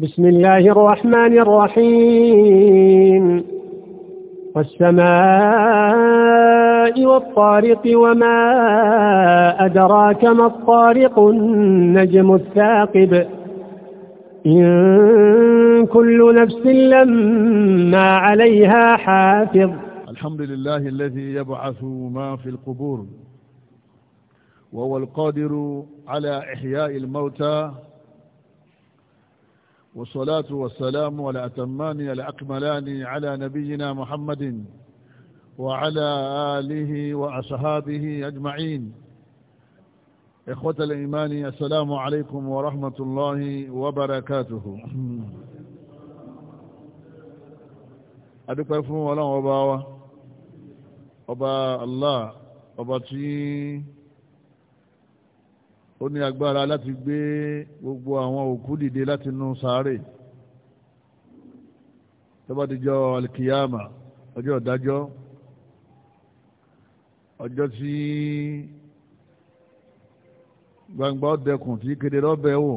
بسم الله الرحمن الرحيم والسماء والطارق وما أدراك ما الطارق النجم الثاقب إن كل نفس لما عليها حافظ الحمد لله الذي يبعث ما في القبور وهو القادر على إحياء الموتى والصلاة والسلام على أتمان الأكملان على نبينا محمد وعلى آله وأصحابه أجمعين إخوة الإيمان السلام عليكم ورحمة الله وبركاته أدوك فهم ولا أبا أبا الله أبا تي ó ní agbára láti gbé gbogbo àwọn òkú dìde láti nú sáré tó bá dijọ́ alkiyama ọjọ́ ìdájọ́ ọjọ́ tí gbangba ọdẹkùn tí kéde lọ́bẹ̀ wò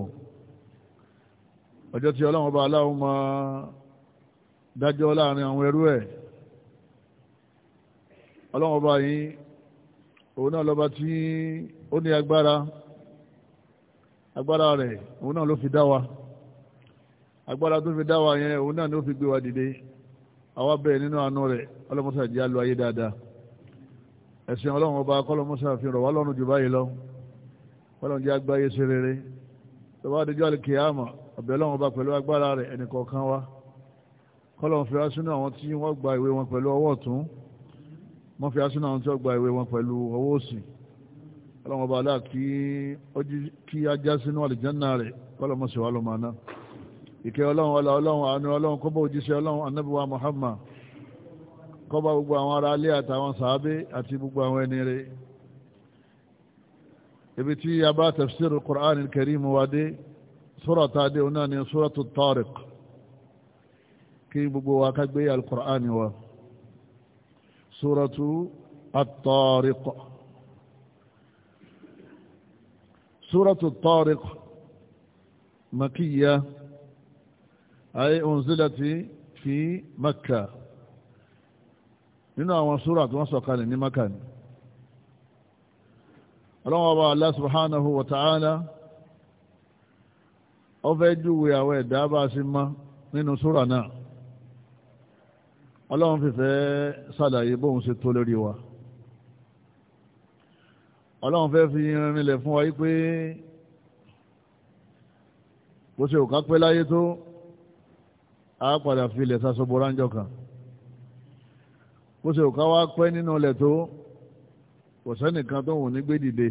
ọjọ́ tí ọlọ́run ọba aláwọ̀ máa dájọ́ láàrin àwọn ẹrú ẹ̀ ọlọ́run ọba yìí òun náà lọ́ba tí ó ní agbára agbára rẹ̀ òun náà ló fi dá wa agbára tó fi dá wa yẹn òun náà ló fi gbé wa dìde àwa bẹ̀rẹ̀ nínú àánú rẹ̀ ọlọ́mọṣà jẹ́ àlọ́ ayé dáadáa ẹ̀sìn ọlọ́run ọba kọ́lọ́mọṣà fi rọ̀ wá lọ́rùn jù báyìí lọ ọlọ́run jẹ́ agbáyé ṣe rere tó bá dé jọ́lì kìámà ọ̀bẹ̀ ọlọ́run ọba pẹ̀lú agbára rẹ̀ ẹnìkọ̀ọ̀kan wa kọ́lọ́run fi asínú àwọn tí wọ́n gba ìwé wọn pẹ̀lú ọwọ́ ọ̀tún wọ́n fi asínú àwọn tí wọ́n gba ìwé wọn pẹ̀lú ọwọ́ òsì ọlọ́wọ́n bá aláà kí ojú kí ajá sínú àlìjánná rẹ̀ kọ́lọ́mọ́ sí wa ló máa ná ìkẹ́ ọlọ́run ọlá ọlọ́run àánú ọlọ́run kọ́bọ̀ òjíṣẹ́ ọlọ́run anábíwá Muhammad kọ́bọ̀ gbogbo àwọn ará alẹ́ àtàwọn sàábé àti gbogbo àwọn ẹni rẹ̀ ibi tí a bá tafsir Qur'an al-Karim wa dé sura ta dé ọ̀nà ni suratu Tariq kí gbogbo wa ká gbé al wa suratu at-Tariq سورة الطارق مكية أي أنزلت في مكة nínú àwọn súrà tí wọ́n sọ̀kalẹ̀ ní Mákà ni ọlọ́wọ́ ọba Allah subhanahu wa ta'ala ó fẹ́ júwe àwọn ẹ̀dá bá a sí mọ́ nínú súrà náà ọlọ́wọ́n fìfẹ́ sàlàyé bóun ṣe tó lórí wa ọlọ́run fẹ́ fi rinlẹ̀ fún wa yí pé bó ṣe òkà pé láyé tó a padà fi ilẹ̀ sasobo ránjọ kan bó ṣe òkà wá pẹ́ nínú ilẹ̀ tó kò sẹ́nìkan tó wù ní gbé dìde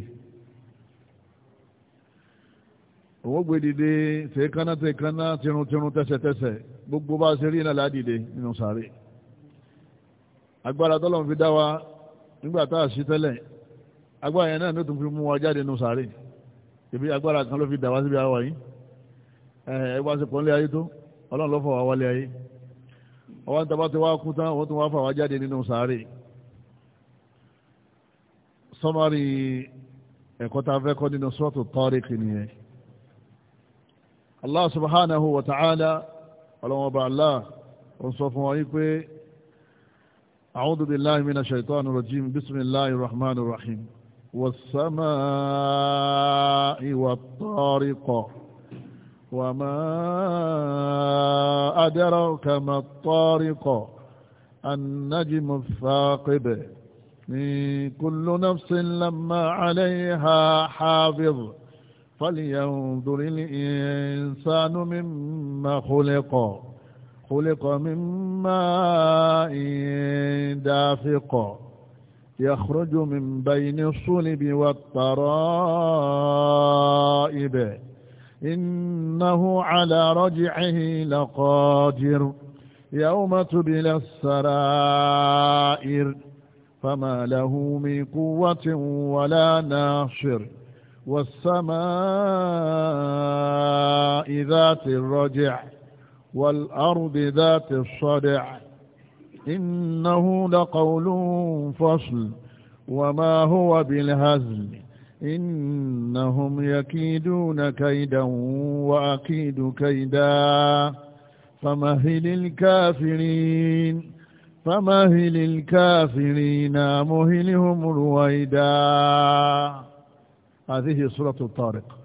òun gbé dìde tèékánná tèékánná tiruntirun tẹ́sẹ̀tẹ́sẹ̀ gbogbo bá ṣe rí iná ládìde nínú sàárè agbára tọ́lọ́run fi dá wa nígbà tá a sí tẹ́lẹ̀ agbára yẹn náà ló tún fi mú wa jáde nù sàárè ibi agbára kan ló fi dà wá síbi àwa yìí ẹ wá sí pọ́nlé ayé tó ọlọ́run ló fọ wá wálé ayé ọwọ́ ń tabá ti wá kú tán wọ́n tún wá fà wá jáde nínú sàárè sọmárì ẹ̀kọ́ tá a fẹ́ kọ́ nínú sọ́ọ̀tù tọ́ríkì nìyẹn allah subhanahu wa ta'ala ọlọ́run ọba allah ó sọ fún wa yìí pé a'udhu billahi minash shaitani rajim bismillahir rahmanir rahim. والسماء والطارق وما أدرك ما الطارق النجم الثاقب من كل نفس لما عليها حافظ فلينظر الإنسان مما خلق خلق مما إن دافق يخرج من بين الصلب والطرائب إنه على رجعه لقادر يوم تبلى السرائر فما له من قوة ولا ناصر والسماء ذات الرجع والأرض ذات الصدع إنه لقول فصل وما هو بالهزل إنهم يكيدون كيدا وأكيد كيدا فمهل الكافرين فمهل الكافرين مهلهم رويدا هذه سورة الطارق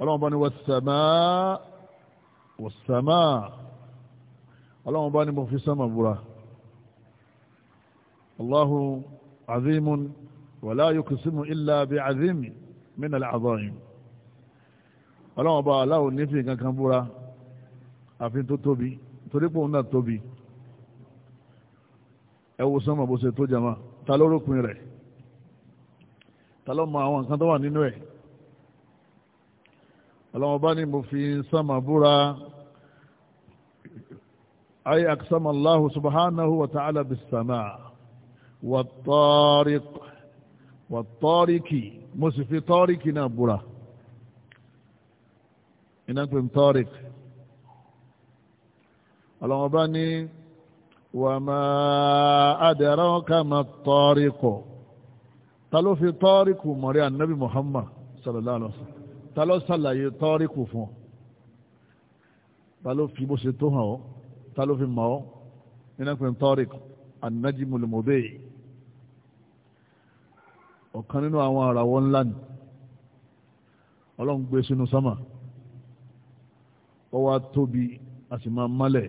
ربنا والسماء والسماء ọlọ́run bá ní mo fi sánmà búra Allahu azimun wàlá yuqsimu illa bi azimi min al-azaim ọlọ́run bá aláwọ̀ nífi kankan búra àfi tó tóbi torí pé òun náà tóbi ẹ wo sánmà bó ṣe tó jama ta lórókùn rẹ̀ ta ló mọ àwọn nǹkan tó wà nínú ẹ̀ ọlọ́run bá ní mo fi sánmà búra. أي أقسم الله سبحانه وتعالى بالسماء والطارق والطارق مسفي طارق نابرة إنكم طارق اللهم بني وما أدراك ما الطارق تلو في طارق مريع النبي محمد صلى الله عليه وسلم تلو صلى طارق فون تلو في بسيطه ta ló fi mọ̀ ọ́ nínú pé tọ́rìk an-najmul mudhi' ọ̀kan nínú àwọn àràwọ̀ ńlá ni ọlọ́run gbé sínú sámà ó wá tóbi a sì máa málẹ̀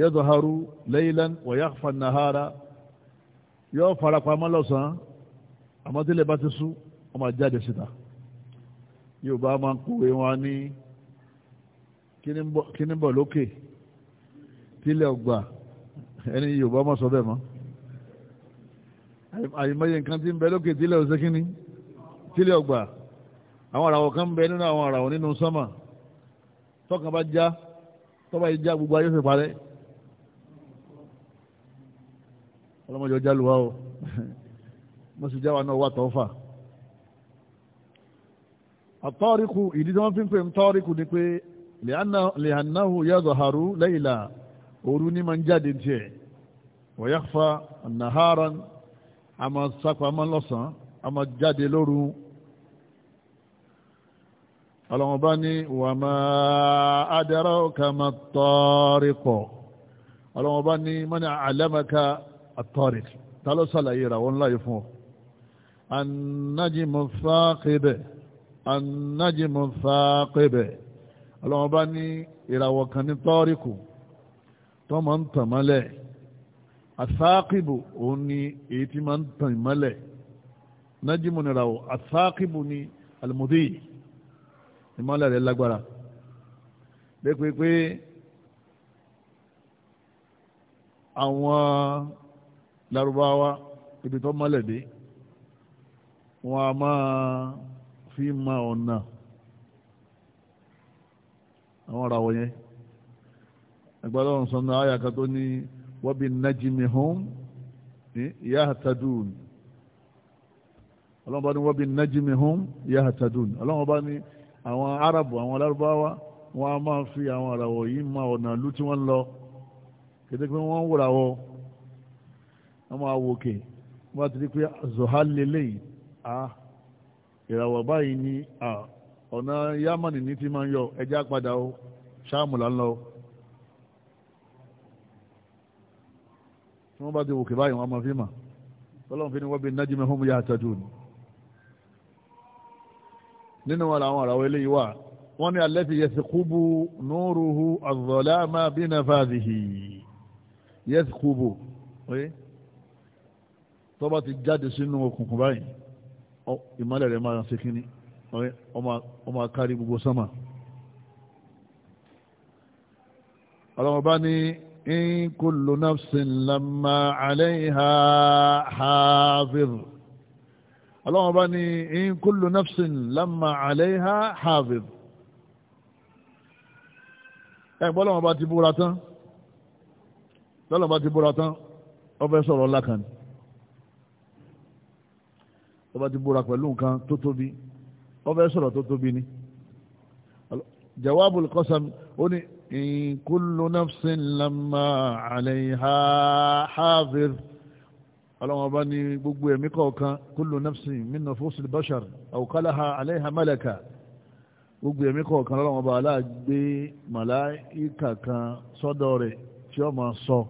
yadharu laylan wa yakhfa an-nahara farapamọ́ lọ́sàn-án àmọ́ tí ilẹ̀ bá ti sú ó máa síta yóò bá máa kúwe wọn ní kí ní bọ̀ lókè tílẹ̀ ọgbà ẹni yorùbá mọ̀ sọ bẹ́ẹ̀ mọ́ àyìnbáyé nǹkan tí ń bẹ lókè tílẹ̀ ọ̀sẹ̀ kínní tílẹ̀ ọgbà àwọn àràwọ̀ kan ń bẹ nínú àwọn àràwọ̀ nínú sánmà tọkàn bá já tọ́ba yìí já gbogbo ayé fẹ́ parẹ́ ọlọ́mọdé ọjà lùwà o mo sì já wa náà wà tọ́ fà àtọ́ríkù ìdí tí wọ́n fi ń pè ń tọ́ríkù ni pé lìhànáhù yadharu layla òru ní máa ń jáde tiẹ̀ wa yakhfa naharan a máa sápa máa lọ́sàn-án a máa jáde lóru ọlọ́run bá ní wà máa adraka ma tariqo ọlọ́run bá ní mọ́ni alamaka at-tariq ta ló ra wọn láyé fún ọ an-najmu thaqib an-najmu thaqib ọlọ́wọ́n bá ní ìràwọ̀ kan ní tọ́ríkù tó máa ń tàn mọ́lẹ̀ àsáàkìbù òun ni èyí tí máa ń tàn mọ́lẹ̀ nájímù nìràwọ̀ àsáàkìbù ni àlùmọ́dé ìmọ́lẹ̀ rẹ̀ lágbára lẹ́pẹ́ àwọn Lárúbáwá ibi tó mọ́lẹ̀ dé wọ́n a máa fi máa ọ̀nà àwọn ara wọ̀nyẹn ẹgbẹ́ lọ́run sọ náà àyàkà tó ní wọ́bí najimi hum yahtadun ọlọ́run bá ní wọ́bí najimi hum yahtadun ọlọ́run bá ní àwọn arabu àwọn alárúbáwá wọn a máa fi àwọn àràwọ̀ yìí máa ọ̀nà ìlú tí wọ́n ń lọ kété pé wọ́n ń wòrà wọ wọ́n máa wò kè wọ́n ti rí pé zohalele yìí ah, ìràwọ̀ báyìí ní ọ̀nà yámánì ní ti máa ń yọ ẹja padà ó ṣáàmù là ń lọ. tí wọ́n bá ti wòkè báyìí wọ́n máa fi mà tọ́lọ́run fi ni wọ́n bí nájú mẹ́fún mi yá àtàjù ni. nínú wọn làwọn àràwọ̀ eléyìí wà wọ́n ní alẹ́ ti yẹsẹ̀ kúbu nóòrùhu àzọ̀láàmà bínà fàdìhì yẹsẹ̀ kúbu tó ti jáde sínú òkùnkùn báyìí ìmọ̀lẹ̀ rẹ̀ máa ń ṣe kínní ọmọ akárí gbogbo sánmà ọlọ́wọ́ bá ní in kullu nafsin lamma alayha hafiz ọlọ́wọ́ bá ní in kullu nafsin lamma alayha hafiz ẹgbọ́n lọ́wọ́ bá ti búra tán lọ́lọ́ bá ti búra tán ó fẹ́ sọ̀rọ̀ lákàn ó bá ti búra pẹ̀lú nǹkan tó tóbi ọbẹ̀ sọ̀rọ̀ tó tóbi ni jawabul qasam ó ní in kullu nafsin lamma alayha hafiz ọlọ́wọ́n bá ní gbogbo ẹ̀mí kọ̀ọ̀kan kullu nafsin min nufusil bashar aw qalaha alayha malaka gbogbo ẹ̀mí kọ̀ọ̀kan ọlọ́wọ́n bá aláàgbé màláìkà kan sọ́dọ̀ rẹ̀ tí ó máa sọ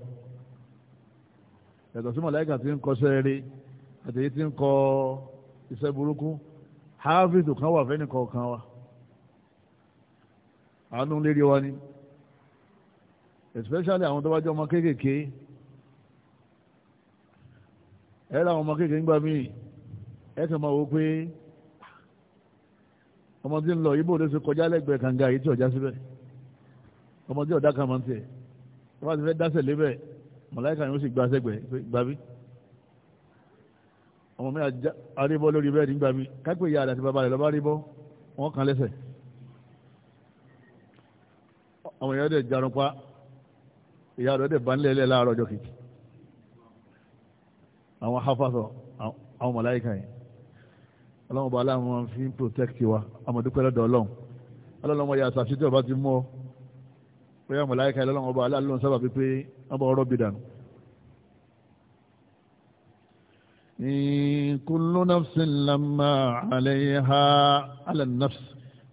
yàtọ̀ sí màláìkà tí ń kọ sẹ́ẹ̀rẹ́ àtẹ̀yí tí ń kọ iṣẹ́ burúkú hafizu kan wà fẹ́ni kọ̀ọ̀kan wa àánú lérí wa ni especially àwọn tó bá jẹ́ ọmọ kéékèèké ẹ ra àwọn ọmọ kéékèèké nígbà míì ẹ kàn máa wo pé ọmọ tí ń lọ ibo ló ṣe kọjá lẹ́gbẹ̀ẹ́ kànga yìí tí ọjà síbẹ̀ ọmọ tí ọ̀dà kan máa ń tiẹ̀ wọ́n ti fẹ́ dáṣẹ̀ lébẹ̀ mọ̀láìkà yóò sì gbà sẹ́gbẹ̀ẹ́ gbàbí ọmọ mi àríbọ́ lórí bẹ́ẹ̀ nígbà mi kápẹ́ ìyá àdàtì bàbá rẹ̀ lọ́ba ríbọ́ wọ́n kan lẹ́sẹ̀ ọmọ ìyá dẹ̀ jarun pa ìyá rẹ̀ dẹ̀ banilẹ̀ lẹ́ láàárọ̀ ọjọ́ kejì àwọn hafasọ àwọn mọ̀láyìká yẹn ọlọ́run bá aláwọn máa fi ń protect wa amọ̀dúpẹ́ lọ́dọ̀ ọlọ́run ọlọ́run ọmọ yàtọ̀ àṣetí ọba ti mú ọ pé àwọn mọ̀láyìká yẹn lọ́lọ́run ọba aláàlú sábà pípé ọba ọrọ̀ bìdànù كل نفس لما عليها على النفس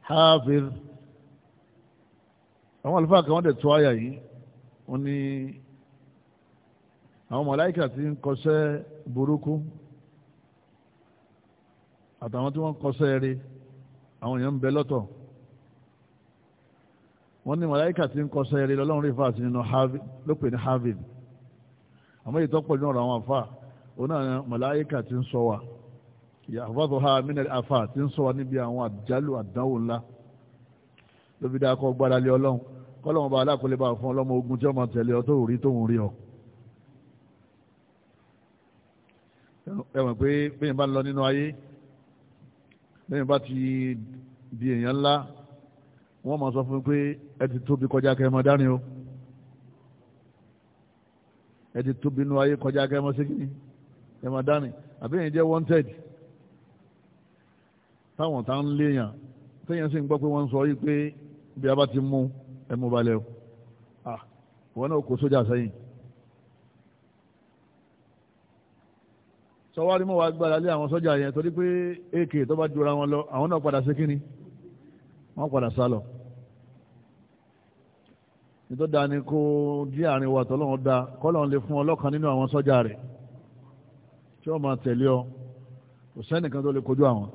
حافظ àwọn àlùfáà kan wọ́n dẹ̀ tó àyà yìí wọ́n ní àwọn màláíkà tí ń kọsẹ́ burúkú àtàwọn tí wọ́n kọsẹ́ rí àwọn èèyàn ń bẹ lọ́tọ̀ wọ́n ní màláíkà tí ń kọsẹ́ rí lọ́lọ́run rí fáàsì nínú lópin ní harvard àmọ́ èyí tó pọ̀ nínú ọ̀rọ̀ àwọn àfáà òun na malaika ti ń sọ wa yàfàdù ha mínà àfà ti ń sọ wa níbi àwọn àjálù àdánwò ńlá lóbi dáa kọ́ gbára lé ọlọ́run kọ́lọ́mọba alákòólé bá fún ọlọ́mọ ogun tí ọmọ tẹ̀lé ọ tó rí tóun rí ọ. ẹ̀wọ̀n pé bẹ́ẹ̀ bá ń lọ nínú ayé bẹ́ẹ̀ bá ti di èèyàn ńlá wọ́n máa sọ fún pé ẹ ti tóbi kọjá kẹ́ ẹ o ẹ ti tóbi nínú ayé kọjá kẹ́ ẹ máa ṣe ni ẹ̀mọ̀dánì àbí ẹ̀yìn jẹ́ wanted táwọn tá ń léèyàn téèyàn sì ń gbọ́ pé wọ́n ń sọ yìí pé bí a bá ti mú ẹmu balẹ̀ o ah wọn náà kó sójà sẹ́yìn sọwárí mọ́ wa gbára lé àwọn sójà yẹn torí pé AK tó bá jura wọn lọ àwọn náà padà sí kínní wọ́n padà sá lọ nítorí dáa ni kó dí àárín wa tọ́lọ́run dáa kọ́lọ́run lè fún ọlọ́kan nínú àwọn sójà rẹ̀ tí wọ́n máa tẹ̀lé ọ kò sẹ́nìkan tó lè kojú àwọn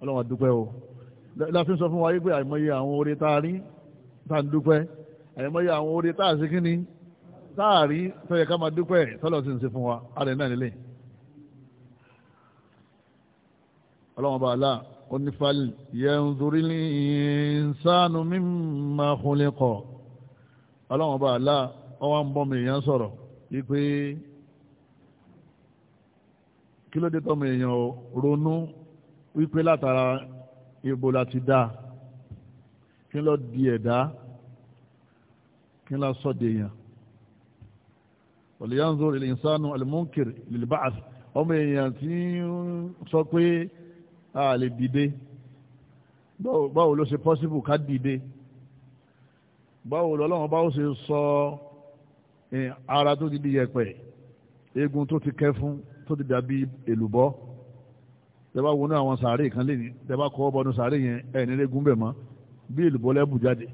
ọlọ́wọ́n dúpẹ́ o láfi sọ fún wa pé àìmọye àwọn oore tá a rí tá a ń dúpẹ́ àìmọye àwọn oore tá a sí kí ni tá a rí tó yẹ ká máa dúpẹ́ tọ́lọ̀ sì ń ṣe fún wa àrẹ náà nílé ọlọ́wọ́n bá a láà onífàlì yẹnzúrí ní ìsánú mímọ́ ọkùnrin kọ̀ ọlọ́wọ́n bá a láà ọwọ́ ń bọ́ mi èèyàn sọ̀rọ̀ yí pé kí ló dé tọ́mọ èèyàn ronú wípé látara ibo la ti dáa kí ló di ẹ̀dá kí ló sọ dèèyàn olùyànzó ìlìsánu alimunkir lilbaas ọmọ èèyàn tí ń sọ pé a lè dìde báwo ló ṣe pọ́sibù ká dìde báwo lọ́lọ́run báwo ṣe sọ eh, ara tó ti di yẹ̀pẹ̀ eegun tó ti kẹ́ fún tó ti dàbí èlùbọ́ tẹ́bá wọnú àwọn sàárè kan lè ní tẹ́bá kọ́ bọnú sàárè yẹn ẹ̀ nílé gúnbẹ̀ mọ́ bí èlùbọ́ lẹ́bù jáde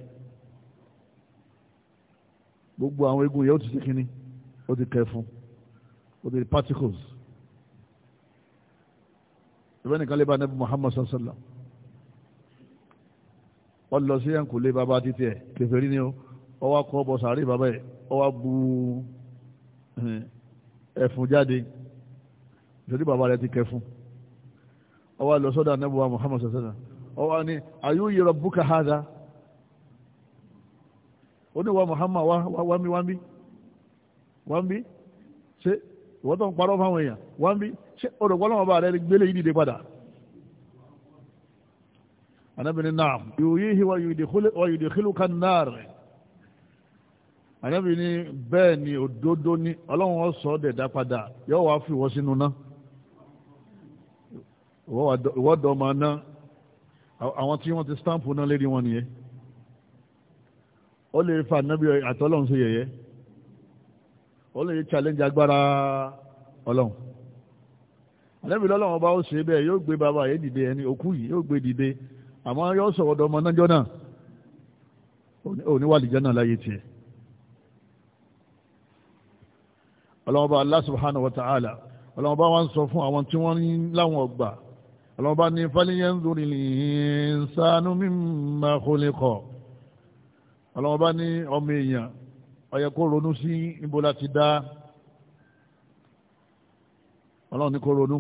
gbogbo àwọn egun yẹn ó ti ṣe kínní ó ti kẹfun ó ti particles ìbẹ́ nìkan lè bá nẹ́bí Muhammad sallallahu wọ́n lọ sí ẹ̀ǹkù lé bàbá títí ẹ̀ kẹfẹ́rí ni ó ọwọ́ kọ́ bọ sàárè bàbá ẹ̀ ọwọ́ bu eh, ẹ̀fun jáde nítorí bàbá rẹ̀ ti kẹ́ fún ó lọ sọ́dọ̀ anábùwà Muhammad sọ́sọ́dọ̀ ó wá ní ayúyí rabbuka hadha ó ní wa Muhammad mi wámi wámi ṣe ìwọ́n tó ń parọ́ fáwọn èèyàn wámi ṣe olùkọ́lọ́wọ́ bá rẹ̀ gbélé yìí dìde padà anábìnrin náà yuyihi wa yudkhiluka an-nar anábìnrin bẹ́ẹ̀ ni òdodo ni ọlọ́run ọ̀sọ́ dẹ̀dá padà yóò fi wọ́ sínú náà ìwọ́dọ̀ máa ná àwọn tí wọ́n ti stamp náà lérí wọn nìyẹn ó lè fa nábì àtọ́lọ́hún sí yẹ̀yẹ́ ó lè challenge agbára ọlọ́hún ànábì lọ́lọ́hún ọba ó ṣe bẹ́ẹ̀ yóò gbé bàbá yẹn dìde ẹni òkú yìí yóò gbé dìde àmọ́ yóò sọ̀rọ̀ ọ̀dọ̀ ọmọ nájọ́ náà oníwàlìjọ́ náà láyé tiẹ̀ ọlọ́wọ́n bá Allah subhanahu wa ta'ala ọlọ́wọ́n bá wọn sọ fún àwọn tí wọ́n láwọn ọgbà ọlọ́ba ní fálíyẹ́nzórí ìsánú mímọ́ kólẹ́kọ̀ ọlọ́ba ní ọmọ èèyàn ó yẹ kó ronú sí ibo láti dá ọlọ́run ní kó ronú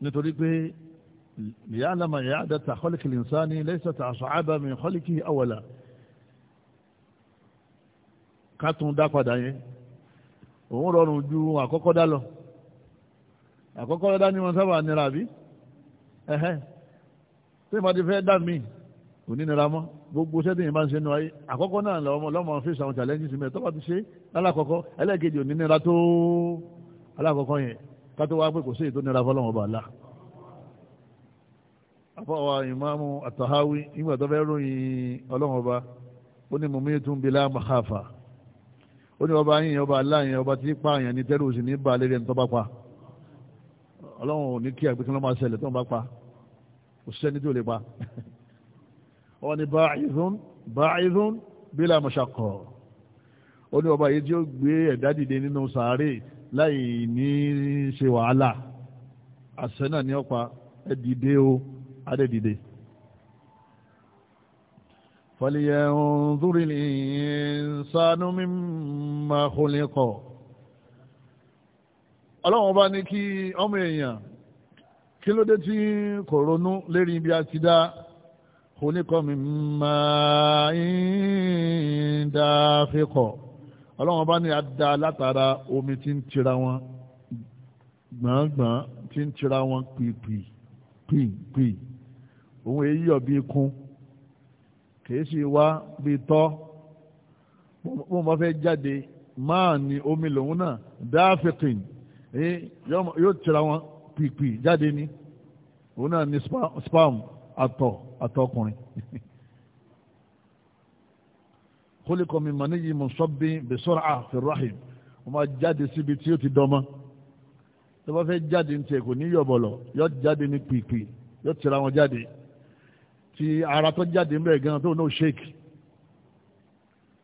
nítorí pé ìyá àlámà ìyá àdáta kọ́lẹ́kì ìsáni lẹ́sẹ̀ tà àṣọ àbámi kọ́lẹ́kì àwọ̀là ká tún dá padà yẹn òun rọrùn ju àkọ́kọ́ dá lọ àkọ́kọ́ dá ní wọn sábà nira bíi tí ìmọ̀ ti fẹ́ dá mi kò ní nira mọ́ gbogbo sẹ́dí yìí bá ń sẹ́nu ayé àkọ́kọ́ náà lọ́mọ lọ́mọ fèsì àwọn challenges mi tọ́ba ti ṣe alákọ̀ọ́kọ́ ẹlẹ́ẹ̀kejì ò ní nira tó alákọ̀ọ́kọ́ yẹn kátó wá pé kò sí èyí tó nira fọlọ́wọ́n bá la afọwà ìmáàmù àtàháwí nígbà tó fẹ́ ròyìn ọlọ́run ọba ó ní mọ̀mí tún bí láàmù hafa ó ní ọba yìnyín ọba aláàyìn ọba tí pààyàn ní tẹ́lú òsì ní bá lẹ́rẹ́ ní ọlọ́run ò ní kí àgbẹ̀kí ló máa ṣẹlẹ̀ tó ń bá pa kò sẹ́ni tí ò lè pa ọwọ́ ni ba'idhun ba'idhun bila mashaqqa ó ní ọba yìí tí ó gbé ẹ̀dá dìde nínú sàárè láì ní ṣe wàhálà àṣẹ náà ní ọ̀pá ẹ̀dìde o adẹ́dìde. falyanzuril insanu mimma khuliqa ọlọ́run bá ní kí ọmọ èèyàn kí ló dé tí kò ronú lérí ibi àti dá oníkọ́mi máa ń dá fẹ́kọ̀ ọlọ́run bá ní adá látara omi tí ń tira wọn gbọ̀ngbọ̀n tí ń tira wọn pìpì pìpì òun èyí ọ̀bí kún kìí sì wá bíi tọ́ bó ń bá fẹ́ jáde máa ní omi lòun náà dáfẹ́kìn Eh, yóò tira wọn pìpì jáde ní òun náà ni spam àtọ̀ àtọkùnrin kólékọ́ mi mà níyì mọ̀sọ́bí bẹ̀sọ́rọ̀ àfẹ̀rọ̀hìm wọ́n máa jáde síbi tí ó ti dọ́mọ́ tó bá fẹ́ jáde ní tiẹ̀ kò ní yọ̀bọ̀lọ̀ yọ jáde ní pìpì yọ tira wọn jáde ti ara tó jáde ńbẹ̀ gan tó náà ṣèkì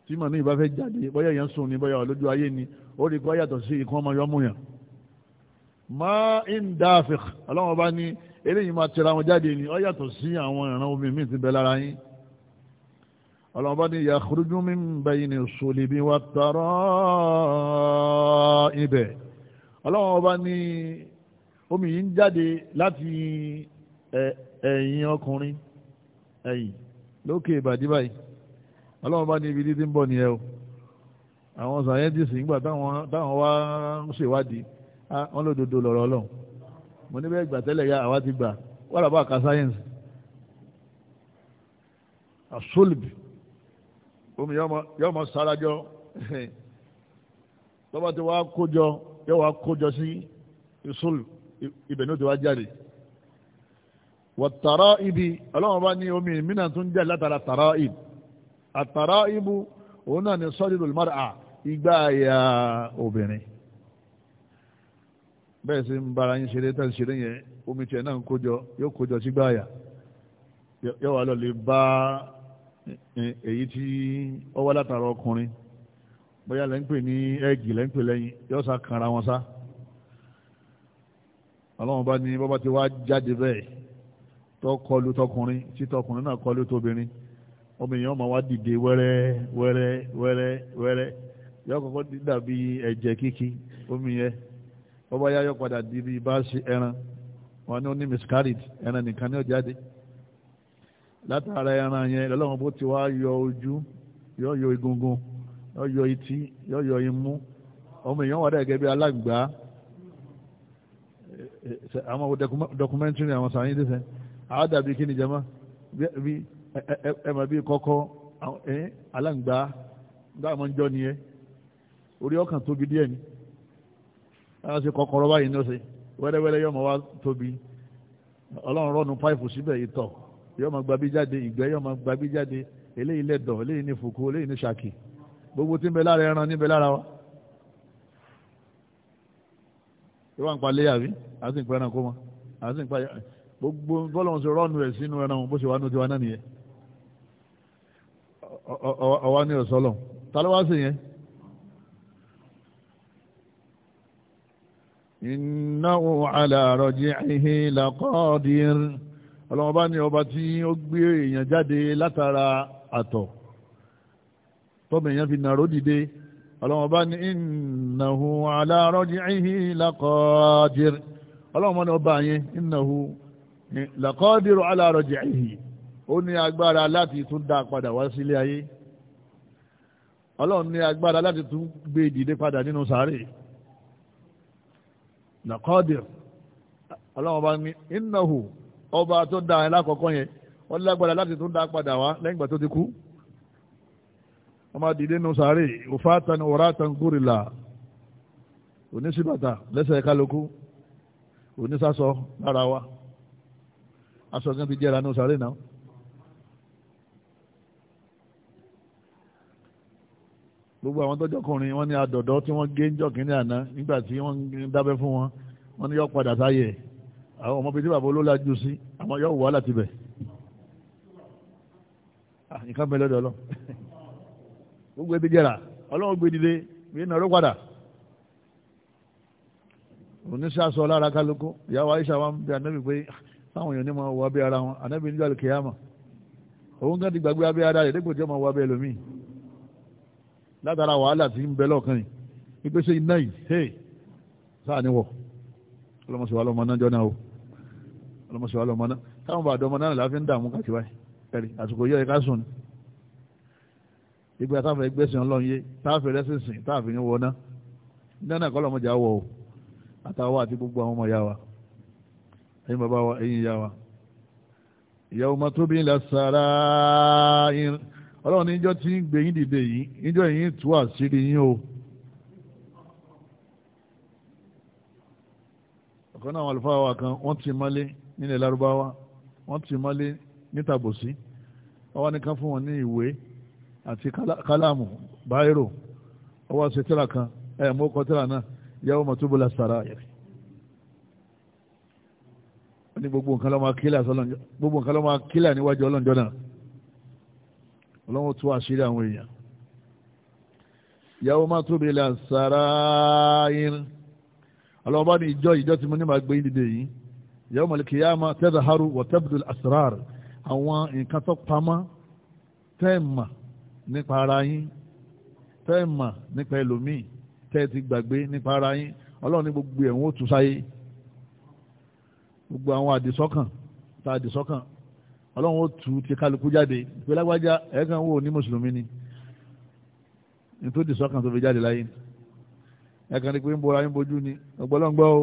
tí mà níyì bá fẹ́ jáde bóyá yẹn sùn ni bóyá olójú ayé ni ó rí i kó yàtọ̀ sí ikú ọmọ yọmú máa ń dáfik ọlọ́run ọba ní eléyìí máa tẹ̀ra wọn jáde ní ọ yàtọ̀ sí àwọn ìran omi míì ti bẹ lára yín ọlọ́run ọba ní yakhruju min bayni sulbi wat tara'ib ọlọ́run ọba ní omi yìí ń jáde láti ẹ̀yìn ọkùnrin ẹ̀yìn lókè ìbàdí báyìí ọlọ́run ọba ní ibi títí ń bọ̀ nìyẹn o àwọn sàyẹ́ntìsì nígbà táwọn wá ń ṣèwádìí Ah, wọ́n lò dodo lọ́rọ̀ ọlọ́run mo ní bẹ́ẹ̀ gbà tẹ́lẹ̀ ya àwa ti gbà wọ́n làbọ̀ àka sáyẹ́nsì àṣọlùbì omi yóò mọ sarajọ tọ́ba tí wàá kójọ yóò wàá kójọ sí ìṣọlù ibẹ̀ ní o ti wá jáde wọ̀tàrá ibi ọlọ́run bá ní omi ìmínà tún jẹ́ látara tàrá ibi àtàrá ibu òun náà ni sọ́dí lòlmọ́ra ìgbà àyà obìnrin bẹ́ẹ̀ sì ń bára yín ṣeré tá ṣeré yẹn omi tiẹ̀ náà ń kójọ yóò kójọ sígbà àyà yóò wà lọ lè bá èyí tí ó wá látara ọkùnrin bóyá lẹ́ ní ẹ́ẹ̀gì lẹ́ lẹ́yìn yóò sá kanra wọn sá ọlọ́run bá ní bọ́bá ti wá jáde bẹ́ẹ̀ tó kọlu tọkùnrin tí tọkùnrin náà kọlu tóbìnrin dìde wẹ́rẹ́ wẹ́rẹ́ wẹ́rẹ́ wẹ́rẹ́ yóò kọ́kọ́ dàbí ẹ̀jẹ̀ kíkí omi yẹn. bọ́bá yáyọ́ padà di bí bá ṣe ẹran wọn ni ó ní miscarriage ẹran nìkan ní ó jáde látara ẹran yẹn lọ́lọ́run bó ti wá yọ ojú yọ yọ egungun yọ yọ etí yọ yọ imú ọmọ èèyàn wà dà gẹ́gẹ́ bí alágbá àwọn dọkumẹ́ntìrì àwọn sàn yín dẹ́sẹ̀ àádàbí kí ni jama bí ẹ mà bí kọ́kọ́ alágbá dáàmú ń jọ nìyẹn orí ọkàn tóbi díẹ̀ ni a ṣe kọkọrọ báyìí ní ọ̀sẹ̀ wẹ́rẹ́wẹ́rẹ́ yóò máa wá tóbi ọlọ́run rọ́nu páìpù síbẹ̀ ìtọ̀ yóò máa gbabí jáde ìgbẹ́ yóò máa gbabí jáde eléyìí lẹ́dọ̀ eléyìí ní fùkú eléyìí ní ṣàkì gbogbo tí ń bẹ lára ẹran níbẹ̀ lára wa. ìwà ń pa léyà bí a sì ń pa ẹran kó ma a sì ń pa gbogbo bọ́lọ̀ ṣe rọ́nu ẹ̀ sínú ẹran bó ṣe wà nù tiwa náà nìyẹn ọwọ́ ní ọ̀sọ́lọ̀ ta innahu ala raj'ihi laqadir ọlọ́wọ́ bá ní ọba tí ó gbé èèyàn jáde látara àtọ̀ tọ́mọ èèyàn fi nàró dìde ọlọ́wọ́ bá ní innahu ala raj'ihi laqadir ọlọ́wọ́ bá ní ọba yẹn ó ní agbára láti tún dá padà wá sílé ayé ọlọ́wọ́ ní agbára láti tún gbé dìde padà nínú nàkọ́dìr ọlọ́wọ́n bá ní innahu ọba tó da ẹ̀ lákọ̀ọ́kọ́ yẹn wọ́n lágbára láti tún dá padà wá lẹ́yìn ìgbà tó ti kú wọ́n máa dìde nù sàárè òfàtàn òrátàn gúrìlà oníṣìbàtà lẹ́sẹ̀ kálukú onísàsọ lára wa aṣọ kan ti jẹ́ra nù sàárè náà. gbogbo àwọn tọ́jọ́kùnrin wọ́n ní adọ̀dọ́ tí wọ́n gé ń jọ kínní àná nígbà tí wọ́n ń dábẹ́ fún wọn wọ́n ní yọ padà sáyè àwọn ọmọbìnrin tí bàbá olóla jù sí àwọn yọ wà láti bẹ̀. nǹkan bẹ lọ́dọ̀ lọ gbogbo ebi jẹ́ra ọlọ́run gbé dìde bí nàró padà oníṣàṣọ lára kálukú ìyàwó Aisha wa ń bẹ anábì pé táwọn ah, èèyàn ní ma wọ abẹ́ ara wọn anábì níjọ́ àlùkìyàmà òun kan ti gbàgbé abẹ́ ara rẹ̀ dípò tí ó ma wọ abẹ́ ẹlòmíì látara wàhálà tí ń bẹ lọ́kàn yìí ìgbésẹ̀ iná yìí hey sáà ni wọ̀ ọlọ́mọṣẹ́ wa lọ́mọ náà jọ náà o ọlọ́mọṣẹ́ wa lọ́mọ náà táwọn bá dọ́mọ náà láfi ń dààmú káàkiri báyìí ẹ̀rì àsìkò yọ ẹ̀ka sùn ìgbà táfẹ́ gbẹ̀sìn ọlọ́run yé táfẹ́ rẹ́sìnsìn táfẹ́ ní wọná nínú ẹ̀kọ́ lọ́mọdé àwọ̀ o àtàwọ̀ àti gbogbo àwọn ọmọ ìyá wa ẹ̀yin bàbá wa ẹ̀yin ìyá wa ìyàwó ọlọ́run níjọ́ tí ń gbé yín dìde yìí níjọ́ yìí tú àṣírí yín o. ọ̀kan náà àwọn àlùfáà wa kan wọ́n ti mọ́lé nílẹ̀ lárúbáwá wọ́n ti mọ́lé nítàbòsí wọ́n wá ní ká fún wọn ní ìwé àti kálámù báírò ọwọ́ ṣe tíra kan ẹ̀ mú tíra náà ìyàwó mọ̀túbọ̀lá ní ọlọ́run tó àṣírí àwọn èèyàn ìyàwó máa tóbi ilẹ̀ àṣàrà irin ọlọ́run bá ní ìjọ ìjọ tí mo ní máa gbé dìde yìí ìyàwó mọ̀lẹ́kì yá máa tẹ́lẹ̀ haru wọ̀ tẹ́bùdùl àṣàrà àwọn nǹkan tó pamọ́ tẹ́ẹ̀mà nípa ara yín tẹ́ẹ̀mà nípa ẹlòmíì tẹ́ẹ̀ gbàgbé nípa ara yín ọlọ́run ní gbogbo ẹ̀wọ̀n ó tú sáyé gbogbo àwọn àdìsọ́kàn tá àdìsọ́kàn ọlọ́run ó tu ti kálukú jáde pé lágbájá ẹ̀ẹ́kan wò ní mùsùlùmí ni nítorí sọ́kàn tó fi jáde láyé ẹ̀ẹ́kan ni pé ń bora ń bojú ni ọgbọ́lọ́ngbọ́ o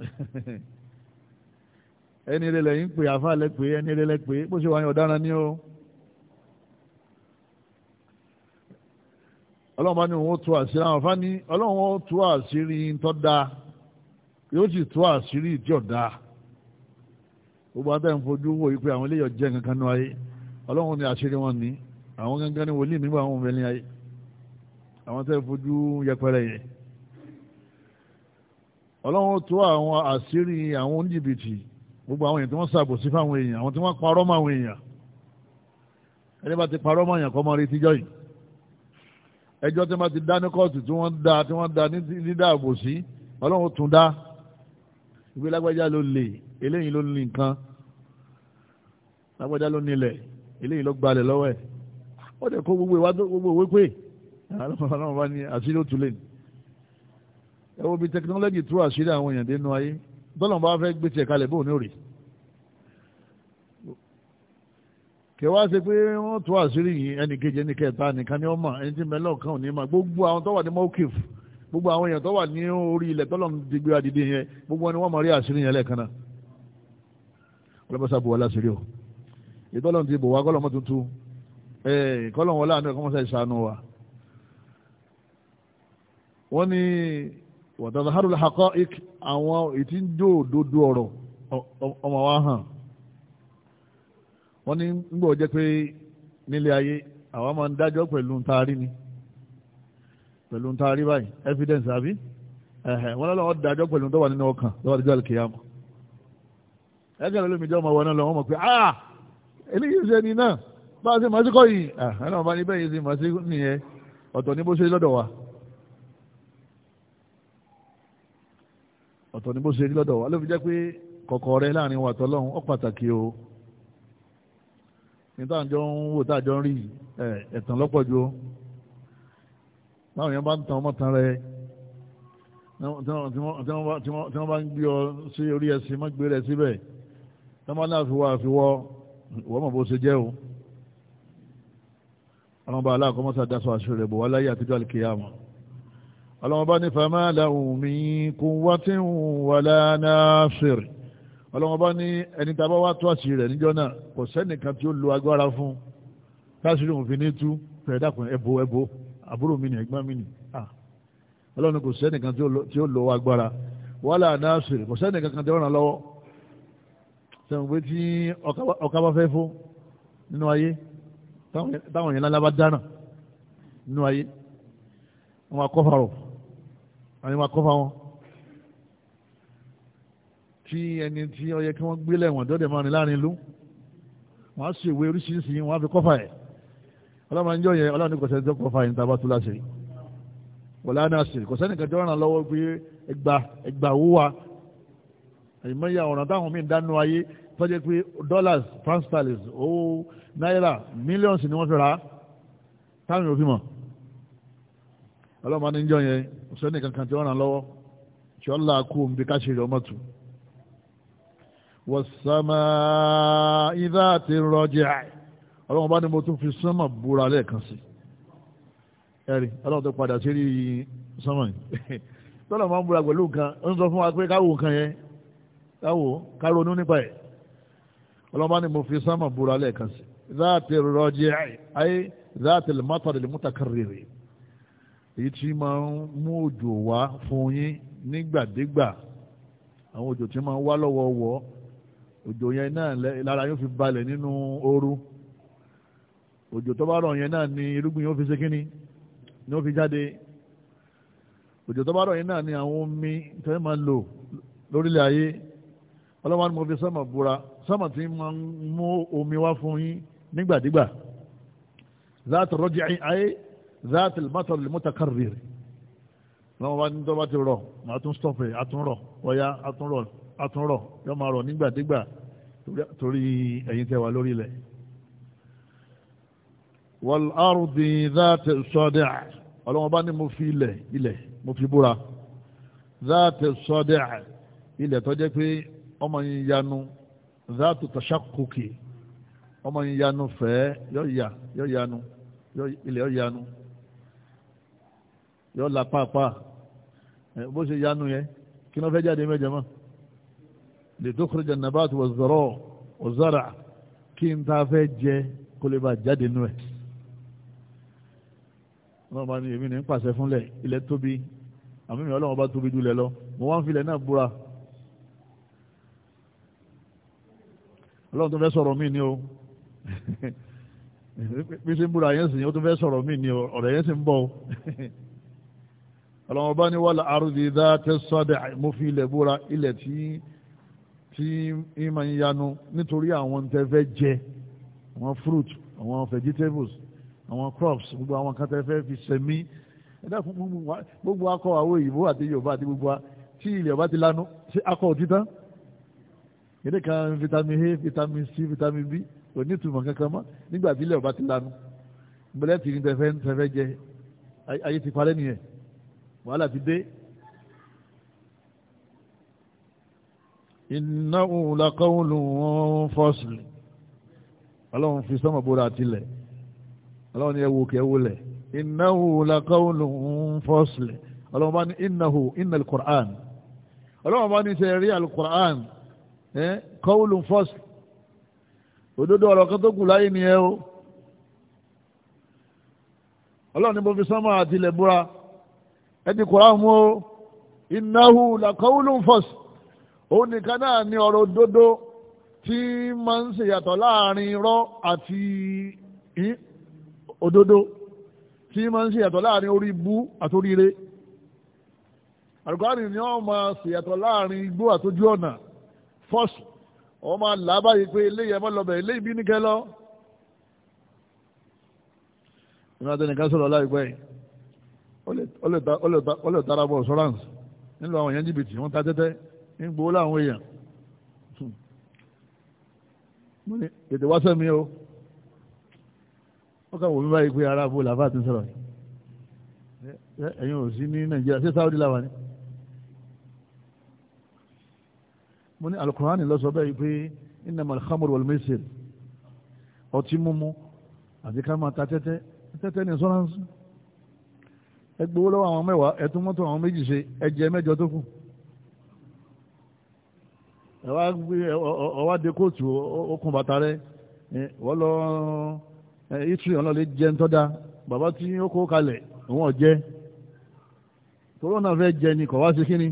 ẹni rẹ̀ lẹ́yìn pé àfa lẹ́ pé ẹni rẹ̀ lẹ́ pé bó ṣe wà ní ọ̀daràn ni o ọlọ́run bá ní òun ó tu àṣírí àwọn afá ní ọlọ́run ó tu àṣírí tó dáa yóò sì tu àṣírí tí ò dáa gbogbo àtẹ ń fojú wò yí pé àwọn eléyọ̀ jẹ́ kankan nú ayé ọlọ́run ni àṣírí wọn ní àwọn gangan ní wòlíì nígbà àwọn obìnrin ayé àwọn tẹ́ fojú yẹpẹrẹ yẹn ọlọ́run tó àwọn àṣírí àwọn oníjìbìtì gbogbo àwọn èèyàn tí wọ́n ṣàbòsí fáwọn èèyàn àwọn tí wọ́n parọ́ mọ́ àwọn èèyàn ẹni bá ti parọ́ mọ́ èèyàn kọ́ mọ́ rí tíjọ́ yìí ẹjọ́ tí wọ́n ti dá ní kóòtù tí wọ́n dá tí wọ́n dá ní dídá àbòsí ọlọ́run tún dá ìgbé lágbájá ló lè eléyìí ló ní nǹkan lágbájá ló nílẹ̀ eléyìí ló gbalẹ̀ lọ́wọ́ ẹ̀ wọ́n tẹ̀ kó gbogbo ìwà gbogbo ìwé pé àwọn ọmọ ní àṣírí òtún lè ní. ẹ wo bí tẹkinọ́lọ́jì tú àṣírí àwọn èèyàn dénú ayé bọ́lọ̀ bá fẹ́ gbé tiẹ̀ kalẹ̀ bóun ní òrì. kẹwàá ṣe pé wọ́n tú àṣírí yìí ẹnì kejì ẹnì kẹta nìkan ni wọ́n mọ̀ ẹni tí mẹ́lọ́ọ̀kan ò ní mọ̀ gbogbo àwọn tó wà ní mọ́kìfù gbogbo àwọn èèyàn tó wà ní orí ilẹ̀ tọ́lọ̀ ti gbé adìde yẹn gbogbo wọn ni wọ́n mọ̀ rí àṣírí yẹn lẹ́ẹ̀kan náà ọlọ́mọṣà bò wá láṣírí o ìtọ́lọ̀ ti bò wá kọ́lọ́mọ tuntun kọ́lọ̀ wọn láàánú ẹ̀kọ́ mọ́ṣá ìṣàánú wa. wọ́n ní wàtàdà harul àwọn ìtí ń jó òdodo ọ̀rọ̀ ọmọ wa hàn wọ́n ní ń gbọ́ jẹ́ pé nílé ayé àwa máa ń ni. pẹ̀lú ń taari báyìí evidence àbí ẹ̀hẹ̀ wọ́n lọ́wọ́ dájọ́ pẹ̀lú tó wà nínú ọkàn lọ́wọ́ díjọ́ kìyàmù ẹgbẹ́ rẹ̀ lómi jẹ́ ọmọ wọn lọ́wọ́ mọ̀ ah eléyìí ṣe ni náà bá a ṣe mọ̀ sí kọ́ yìí ẹ̀hẹ́ náà bá ní bẹ́ẹ̀ yìí ṣe nìyẹn ọ̀tọ̀ ní bó ṣe lọ́dọ̀ wa ọ̀tọ̀ ní bó ṣe lọ́dọ̀ wa ló fi jẹ́ pé rẹ láàrin wa o àjọ ń wò tá àjọ ń táwọn èèyàn bá ń tan ọmọ tan rẹ tí wọ́n bá ń gbé ọ sí orí ẹsìn má gbé rẹ síbẹ̀ tí wọ́n bá náà fi wá àfiwọ́ ìwọ́n mọ̀ bó ṣe jẹ́ o ọlọ́run bá aláàkọ́ mọ́sá dáṣọ àṣírí rẹ̀ bò wá láyé àtijọ́ àlùkìyàmọ́ ọlọ́run bá ní fama lahum min quwwatin wala nasir ọlọ́run bá ní ẹni tá a bá wá tó àṣírí rẹ̀ níjọ́ náà kò sẹ́nìkan tí ó lo agbára fún táṣírí òun fi ní tú pẹ̀lú ẹ̀bọ̀ ẹ̀bọ̀ àbúrò mi ni ẹ̀gbọ́n mi ni ọlọ́run kò sẹ́nìkan tí ó lo agbára wàhálà nasir kò sẹ́nìkan kan tí ó ràn lọ́wọ́ sẹ́wọ̀n pé tí ọ̀ká bá fẹ́ fún nínú ayé táwọn èèyàn lálá bá dáná nínú ayé wọn máa kọ́fà rọ̀ àwọn máa kọ́fà wọn tí ẹni tí ó yẹ kí wọ́n gbélé wọn dọ́dẹ̀ máa rìn láàrin ìlú wọ́n á sì ìwé oríṣiríṣi wọ́n á fi kọ́fà ẹ̀ ọlọ́mọdé yẹn ọlọ́run ní kò sẹ́ni tó kọ́ fa ìyìntà bá tú láṣẹ wọ̀lá náà sì kò sẹ́ni kẹjọ ràn lọ́wọ́ pé ẹgbà ẹgbà wúwa àyìnbáyà ọ̀ràn táwọn míì dánú ayé tọ́jú pé dollars france dollars owó náírà millions ni wọ́n fi ra táwọn òfin mọ̀ ọlọ́mọdé yọ yẹn kò sẹ́ni kankan tí ràn lọ́wọ́ tí wọ́n là kú omi bí ká ṣe ọmọ tù wọ́n sàmà ìdá àti rọjà ọlọ́run bá ní mo tún fi sánmà búra lẹ́ẹ̀kan sí ẹ̀rí ọlọ́run tó padà sí rí sánmà yìí tọ́lọ̀ máa ń búra pẹ̀lú nǹkan ó ń sọ fún wa pé káwò nǹkan yẹn káwò káronú nípa ẹ̀ ọlọ́run bá ní mo fi sánmà búra lẹ́ẹ̀kan sí záàtì rọjì ayé záàtì mọ́tàdì mọ́tàkàrèrè èyí tí máa ń mú òjò wá fún yín nígbàdégbà àwọn òjò tí máa ń wá lọ́wọ́wọ́ òjò yẹn náà lára yóò fi balẹ̀ nínú ooru òjò tó bá rọ̀ yẹn náà ni irúgbìn yóò fi ṣe kíní ni ó fi jáde òjò tó bá rọ̀ yẹn náà ni àwọn omi tó yẹ máa lò lórílẹ̀ ayé ọlọ́wọ́n mo fi sọ́mọ̀ búra sọ́mọ̀ tí máa ń mú omi wá fún yín nígbàdígbà zaat rọ́jì ayé zaat matar mutakarrir lọ́wọ́ wá ní tó bá ti rọ̀ máa tún stọ́pẹ̀ àtúnrọ̀ ọ̀yá àtúnrọ̀ àtúnrọ̀ yọ máa rọ̀ nígbàdígbà torí ẹ̀yin tẹ́ wà lórílẹ̀ wàlárùdì dáàtì sọ́dẹ̀ ọlọ́wọ́n bá ní mo fi ilẹ̀ ilẹ̀ mo fi búra dáàtì sọ́dẹ̀ ilẹ̀ tó jẹ́ pé ọmọ yìí yanu dáàtì tọ́ṣàkókè ọmọ yìí yanu fẹ́ yọ ya yọ yanu ilẹ̀ yọ yanu yọ la pàápàá bó ṣe yanu yẹn kí ló fẹ́ jáde mẹ́jọ mọ́ lè tó kúrò jẹ́ nàbàtì wọ̀ zọ̀rọ̀ wọ̀ zọ̀rà kí n ta fẹ́ jẹ kó lè bá jáde nù ẹ̀ ọlọ́run bá ní èmi ní ń pàṣẹ fúnlẹ̀ ilẹ̀ tóbi àmì mi ọlọ́run bá tóbi jùlẹ̀ lọ mo wá ń filẹ̀ náà búra ọlọ́run tó fẹ́ sọ̀rọ̀ mí ni o bí ṣe ń búra yẹn sì yẹn ó tó fẹ́ sọ̀rọ̀ mí ni o ọ̀rọ̀ yẹn sì ń bọ̀ o ọlọ́run bá ní wàhálà àrùdídá tẹ́sọ́dẹ̀ mo fi ilẹ̀ búra ilẹ̀ tí tí ìmọ̀ ń yanu nítorí àwọn tẹ́fẹ́ jẹ àwọn fruit àwọn vegetables àwọn crops gbogbo àwọn kan tẹ́ fẹ́ fi sẹ̀mí ẹ dákun gbogbo akọ àwọ òyìnbó àti yorùbá àti gbogbo tí ilẹ̀ ọba ti lanu ṣé akọ òtítàn èdè kan vitamin a vitamin c vitamin b kò ní ìtumọ̀ kankan mọ́ nígbà tí ilẹ̀ ọba ti lanu gbẹlẹ́ tì ní tẹ́fẹ́ tẹ́fẹ́ jẹ ayé ti parẹ́ nìyẹn wàhálà ti dé. innahu laqawlun fasl ọlọ́run fi sọ́mọ̀ bóra tilẹ̀ ọlọ́run ní ẹwù òkè ẹwù lẹ̀ innahu laqawlun fasl ọlọ́run bá ní innahu innal Qur'an ọlọ́run bá ní ṣe rí al-Qur'an qawlun fasl òdodo ọ̀rọ̀ kan tó kù láyé ni ẹ o ọlọ́run ní mo fi sánmà àti ilẹ̀ búra ẹ ti Qur'an mú o innahu laqawlun fasl òun nìkan náà ní ọ̀rọ̀ òdodo tí máa ń ṣèyàtọ̀ láàrin irọ́ àti òdodo tí máa ń ṣèyàtọ̀ láàrin orí ibú àtòríire àlùkárì ni wọ́n máa ṣèyàtọ̀ láàrin igbó àtòjú ọ̀nà fọ́ọ̀sì wọ́n máa là á báyìí pé eléyìí ẹ̀mọ́ lọ́bẹ̀ eléyìí bí níkẹ́ lọ. ìrìn àti ẹnìkan sọ̀rọ̀ láìpẹ́ yìí ó lè tara bọ̀ ṣọ́ráǹsì nílò àwọn èèyàn jìbìtì wọ́n ta tẹ́tẹ́ ń gbowó láwọn èèyàn. Hmm. mo ní ètò wá sẹ́mi o ó kà wò mí báyìí pé ara bo làbá ti sọ̀rọ̀ ẹ̀yin ò sí ní nàìjíríà ṣé sáwọ́dí làwà ni. mo ní alukurani lọ sọ bẹ́ẹ̀ pé innamal khamru wal maisir ọtí mímu àti ká máa ta tẹ́tẹ́ tẹ́tẹ́ ní sọ́ránsì ẹ gbowó lọ́wọ́ àwọn mẹ́wàá ẹ tún mọ́tò àwọn méjì ṣe ẹ jẹ mẹ́jọ tó kù ẹ wá gbé ọwá de kóòtù okùn bàtà rẹ wọ́n lọ italy ọlọ́lẹ̀ jẹ́ ń tọ́da bàbá tí ó kó kalẹ̀ òun ọ̀jẹ́ tòró náà fẹ́ jẹ ni kọ̀ wá sí kíni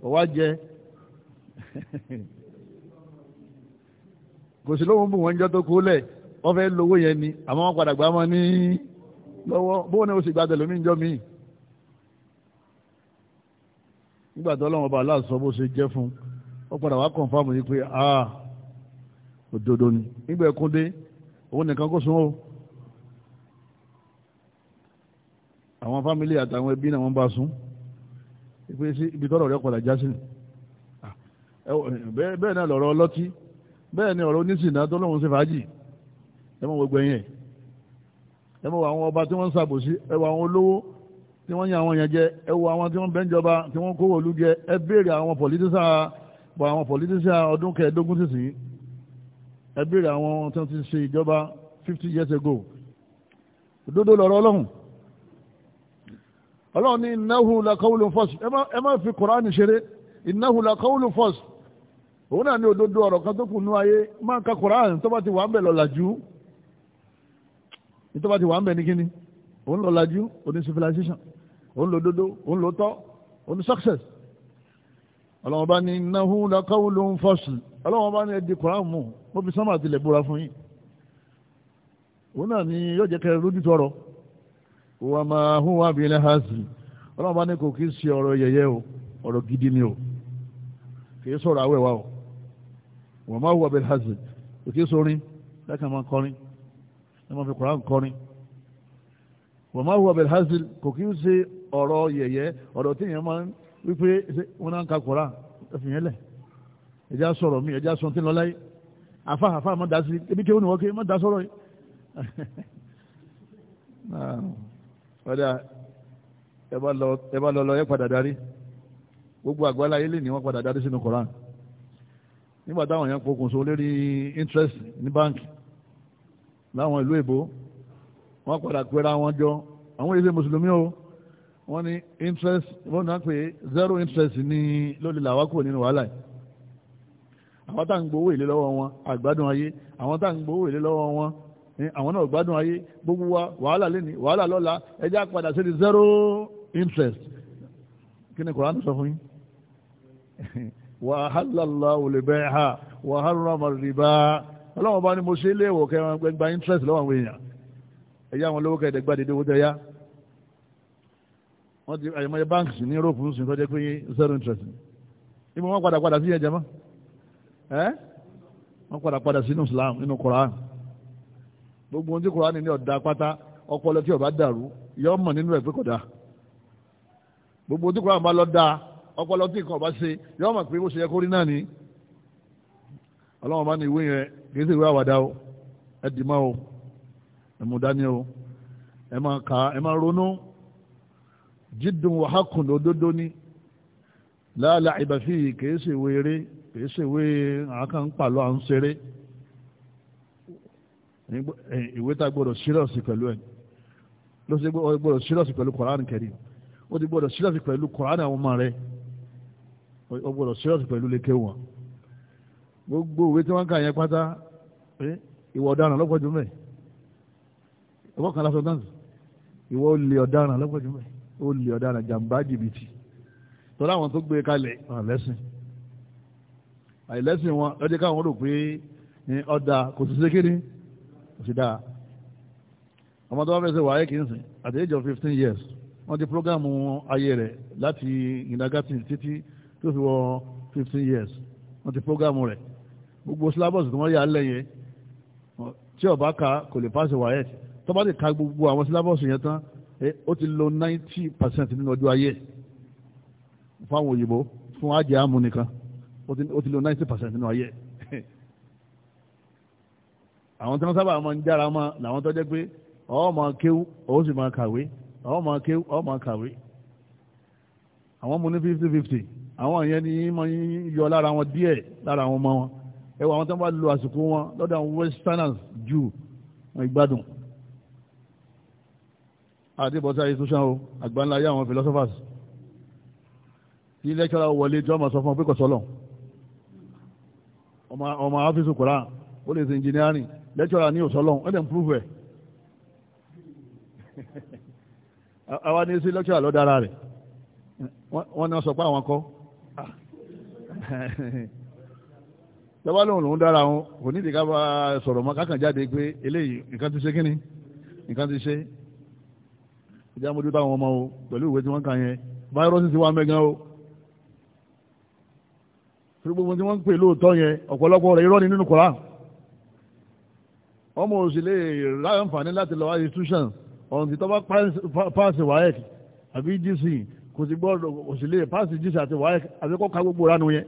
kọ̀ wá jẹ kò sí lóhun bù wọ́n jọ tó kú lẹ̀ wọ́n fẹ́ lówó yẹn ni àmọ́ wọ́n padà gbà mọ́ ní lọ́wọ́ bóun ni ó sì gba tẹ̀lómi ìjọ mi nígbà tó ọlọ́run ọba aláàsọ bó ṣe jẹ́ fún ó padà wá kọ̀ǹfàmù yìí pé ah òdodo ni nígbà ẹ̀kúndé òun nìkan kó sun ó àwọn fámìlì àtàwọn ẹbí náà wọ́n bá sun ìpè sí ibi tọ́rọ̀ rẹ̀ padà já sí bẹ́ẹ̀ náà lọ̀rọ̀ ọlọ́tí bẹ́ẹ̀ ni ọ̀rọ̀ onísìnà tó lóun ṣe fàájì ẹ mọ̀ gbogbo ẹ̀yìn ẹ mọ̀ àwọn ọba tí wọ́n ń ṣàbòsí ẹ wọ àwọn olówó tí wọ́n yan àwọn yẹn jẹ ẹ wọ àwọn tí wọ́n bẹ́ ń jọba tí wọ́n kówó olú jẹ ẹ béèrè àwọn pọ̀lítísà àwọn pọ̀lítísà ọdún kẹẹ̀ẹ́dógún sísìn ẹ béèrè àwọn tí wọ́n ti ṣe ìjọba fifty years ago òdodo lọ́rọ̀ ọlọ́run ọlọ́run ní innahu laqawlun fasl ẹ má fi kùránì ṣeré innahu laqawlun fasl òun náà ní òdodo ọ̀rọ̀ kan tó kù nú ayé máa ka kùránì tó bá ti wà ń bẹ̀ lọ́làjú tó bá ti wà ń bẹ̀ ní kíni òun lọ́làjú òun ní civilization òun lòdodo òun lòótọ́ òun ní success ọlọ́wọ́n bá ní innahu laqawlun fasl ọlọ́wọ́n bá ní ẹdí kùrán mú mo fi sánmà àti búra fún yín òun náà ni yóò jẹ́ kẹrẹ lójú tọrọ wa ma huwa bá ní kò kí ṣe ọ̀rọ̀ gidi ni o kì í wa o wa kò kí sọrin lẹ́kàn máa kọrin máa fi kọrin wa kò kí wípé wọn náà ń ka kóra ẹfìyẹn lẹ ẹjá sọ̀rọ̀ mi ẹjá sọ tí lọ láyé àfa àfa má da sí ebi kéwọn ìwọ ké má da sọ̀rọ̀ yìí ẹ bá lọ lọ ẹ padà darí gbogbo àgbàlá ilé ni wọ́n padà darí sínú koran nígbà táwọn èèyàn pokùn so lórí interest ní báńkì láwọn ìlú èbó wọ́n padà pera wọn jọ àwọn èsè mùsùlùmí o wọ́n ní interest wọ́n náà pé zero interest ní lórí làwa kò nínú wàhálà yìí àwọn tá à ń gbowó èlé lọ́wọ́ wọn àgbádùn ayé àwọn tá à ń gbowó èlé lọ́wọ́ wọn eh, àwọn náà gbádùn ayé gbogbo wa wàhálà lẹ́ni wàhálà lọ́la ẹjẹ́ àpadà sí di zero interest kí ni Kùránì sọ fún yín wa ahallallahu al-bay'a wa harrama ar-riba ọlọ́wọ́n bá ní mo ṣe ilé ìwòkẹ́ wọn gbẹgbà interest lọ́wọ́ àwọn èèyàn ẹ̀yà àwọn olówó kẹ́ẹ̀dẹ́gbà wọ́n ti àyẹ̀mọ́yẹ banks ní Europe ń sìn tó jẹ́ pé zero interest ibi wọ́n padà padà sí ẹ̀jẹ̀ mọ́ ẹ́ wọ́n padà padà Islam gbogbo ohun tí ní ọ̀dà pátá ọpọlọ tí dàrú yọ mọ̀ nínú ẹ̀ pé kò dáa gbogbo ohun tí Quran bá lọ dáa ọpọlọ tí nǹkan ọba ṣe yọ mọ̀ pé ó ṣe yẹ kó rí náà ni ọlọ́wọ́n bá ní ìwé yẹn kì í sì o o jídùn wàhákùn lódodo ní láàlá ìbàfí kìí ṣe ìwé eré kìí ṣe ìwé àákàn pàlọ́ à ń ṣeré ìwé tá gbọ́dọ̀ sírọ̀sì pẹ̀lú ẹ̀ ló ṣe gbọ́dọ̀ sírọ̀sì pẹ̀lú Kùránì Kẹ́rímù ó ti gbọ́dọ̀ sírọ̀sì pẹ̀lú Kùránì àwọn ọmọ rẹ̀ ó gbọ́dọ̀ sírọ̀sì pẹ̀lú lékè wọn gbogbo ìwé tí wọ́n kà yẹn pátá ìwọ ọ̀daràn lọ́pọ̀ ẹ̀ ọ̀pọ̀ kan lásán dáǹsì ó lè ọ̀daràn jàǹbá jìbìtì tọ́lá àwọn tó gbé kalẹ̀ ọ̀ràn lẹ́sìn àìlẹ́sìn wọn lọ́jọ́ káwọn rò pé ọ̀dà kò sí sékéré kò sí dáa ọmọ tó wá fẹsẹ̀ wáyé kì í sìn at the age of fifteen years wọ́n ti prógámù ayé rẹ̀ láti ìnagátì títí tó fi wọ fifteen years wọ́n ti prógámù rẹ̀ gbogbo syllabus tí wọ́n yà á lẹ́yìn tí ó bá ka kò lè pàṣẹ wáyé tó bá ti ka gbogbo àwọn syllabus yẹn tán ó ti lo ninety percent nínú ọjọ́ ayé fáwọn òyìnbó fún ajé àmú nìkan ó ti lo ninety percent nínú ayé àwọn tí wọ́n sábà máa ń jára máa làwọn tó jẹ́ pé ó máa kéwú ó sì máa kàwé ó máa kéwú ó máa kàwé àwọn mú ní fifty fifty àwọn yẹn ni máa ń yọ lára wọn díẹ̀ lára àwọn ọmọ wọn ẹ wọ àwọn tó ń bá lo àsìkò wọn lọ́dọ̀ westerners jù wọn ìgbádùn àdébọ̀sá yìí tún ṣán o àgbáńlá ayé àwọn philosophers tí lẹ́kṣọ́lá wọlé jọ ọmọ sọ fún pé kọ̀sọ́lọ̀ ọmọ áfíìsù kọ̀rá ó lè ṣe engineering lẹ́kṣọ́lá ní òṣọ́lọ̀ ó lè ń prove ẹ̀ àwa ní sí lẹ́kṣọ́lá lọ́dára rẹ̀ wọ́n ní wọ́n sọ pé àwọn kọ́ lọ́wọ́ lòun lòun dára wọn kò ní ìdíkà bá sọ̀rọ̀ mọ́ kákan jáde pé eléyìí nǹkan ti ṣe kíni nǹkan ti ṣe ìjà mojú táwọn ọmọ o pẹ̀lú ìwé tí wọ́n kà yẹn fáírọ́ọ̀sì ti wá mẹ́gan o torí gbogbo tí wọ́n ń pè lóòótọ́ yẹn ọ̀pọ̀lọpọ̀ rẹ̀ irọ́ ni nínú Kùránì ọmọ òsì lè ráǹfààní láti lọ institution ọ̀hún ti tọ́ba páàsì WAEC àbí GC kò sì gbọ́dọ̀ òsì lè páàsì GC àti WAEC àbí kọ́ ka gbogbo ránu yẹn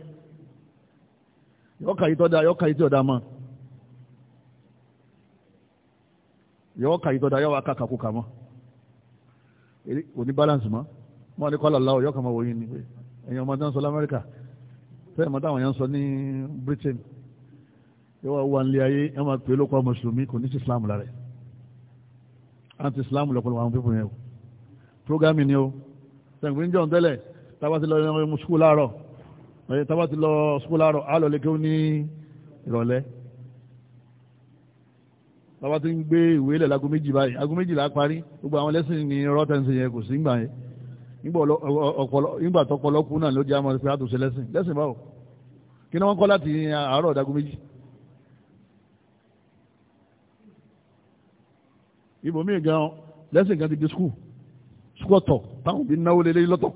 yọ́ọ̀ka yìí tọ́da yọ́ọ̀ka yìí tí ọ̀dà mọ́ yọ́ọ̀ka yìí tọ́da yọ́ọ̀ kò ní balance mọ́ wọ́n ní kọ́lá láwọ̀ yọkàn máa wòye ni ẹ̀yin ọmọ tó ń sọ lamẹ́ríkà fẹ́ẹ̀ mọ́ táwọn yẹn ń sọ ní Britain yọwọ́ wà ń lé ayé ẹ máa pè é lóko mùsùlùmí kò ní sí Islam lára anti Islam lọ́pọ̀lọpọ̀ àwọn pípọ̀ yẹn o programme ni o sẹ̀gbìn jọ̀ ń tẹ́lẹ̀ tábà ti lọ sukúl láàárọ̀ tábà ti lọ sukúl láàárọ̀ á lọ ó ní ìrọ̀lẹ́ bàbá ti ń gbé ìwé ilẹ̀ lago méjì báyìí ago méjì la parí gbogbo àwọn lẹ́sìn ní rọ́tẹ̀nsì yẹn kò sí gbà yẹn nígbà tọpọlọ kú náà ló jẹ́ àmọ́ pé àtúnṣe lẹ́sìn lẹ́sìn báwo kí ni wọ́n kọ́ láti àárọ̀ ìdágo méjì. ibòmíì gan lẹ́sìn kan ti di skul skul ọ̀tọ̀ táwọn òbí náwó lélẹ́yìn lọ́tọ̀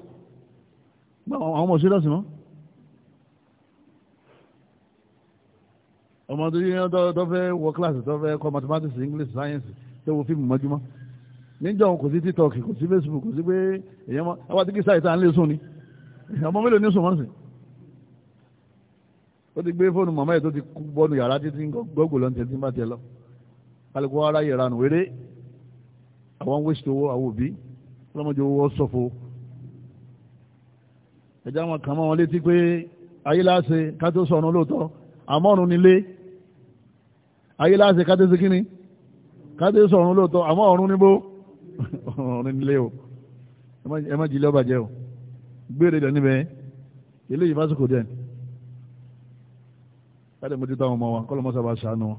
àwọn ọmọ sí náà. ọmọ tó yẹ tó fẹ́ wọ kíláàsì tó fẹ́ kọ́ mathematics english science tó wo fíìmù mọ́júmọ́ níjọ́ kò sí tiktok kò sí facebook kò sí pé èèyàn mọ́ àwọn àti kíṣà ìta ń lé sùn ni ọmọ mélòó ní sùn mọ́ sí ó ti gbé fóònù màmá ẹ̀ tó ti bọ́nu yàrá títí gbọ́gbò lọ́ntẹ̀ tí bá tiẹ̀ lọ kálukú ara yẹra nù wéré àwọn wíṣítì owó àwọn òbí ọlọ́mọdé owó sọ̀fọ̀ ẹ̀já wọn kàn mọ́ wọn létí pé ayé láṣẹ ká tó sọ̀run lóòótọ́ àmọ́run nílé ayé láti kádé sí kíni kádé sọ̀run lóòótọ́ àmọ́ ọ̀run níbo ọ̀run nílé o ẹ má jìlẹ̀ ọba jẹ́ o gbére dẹ̀ níbẹ̀ ilé yìí fásitì kò dẹ̀ káde mo ti tọ́ àwọn ọmọ wa kọ́lọ́ mọ́sá bá ṣàánú wọn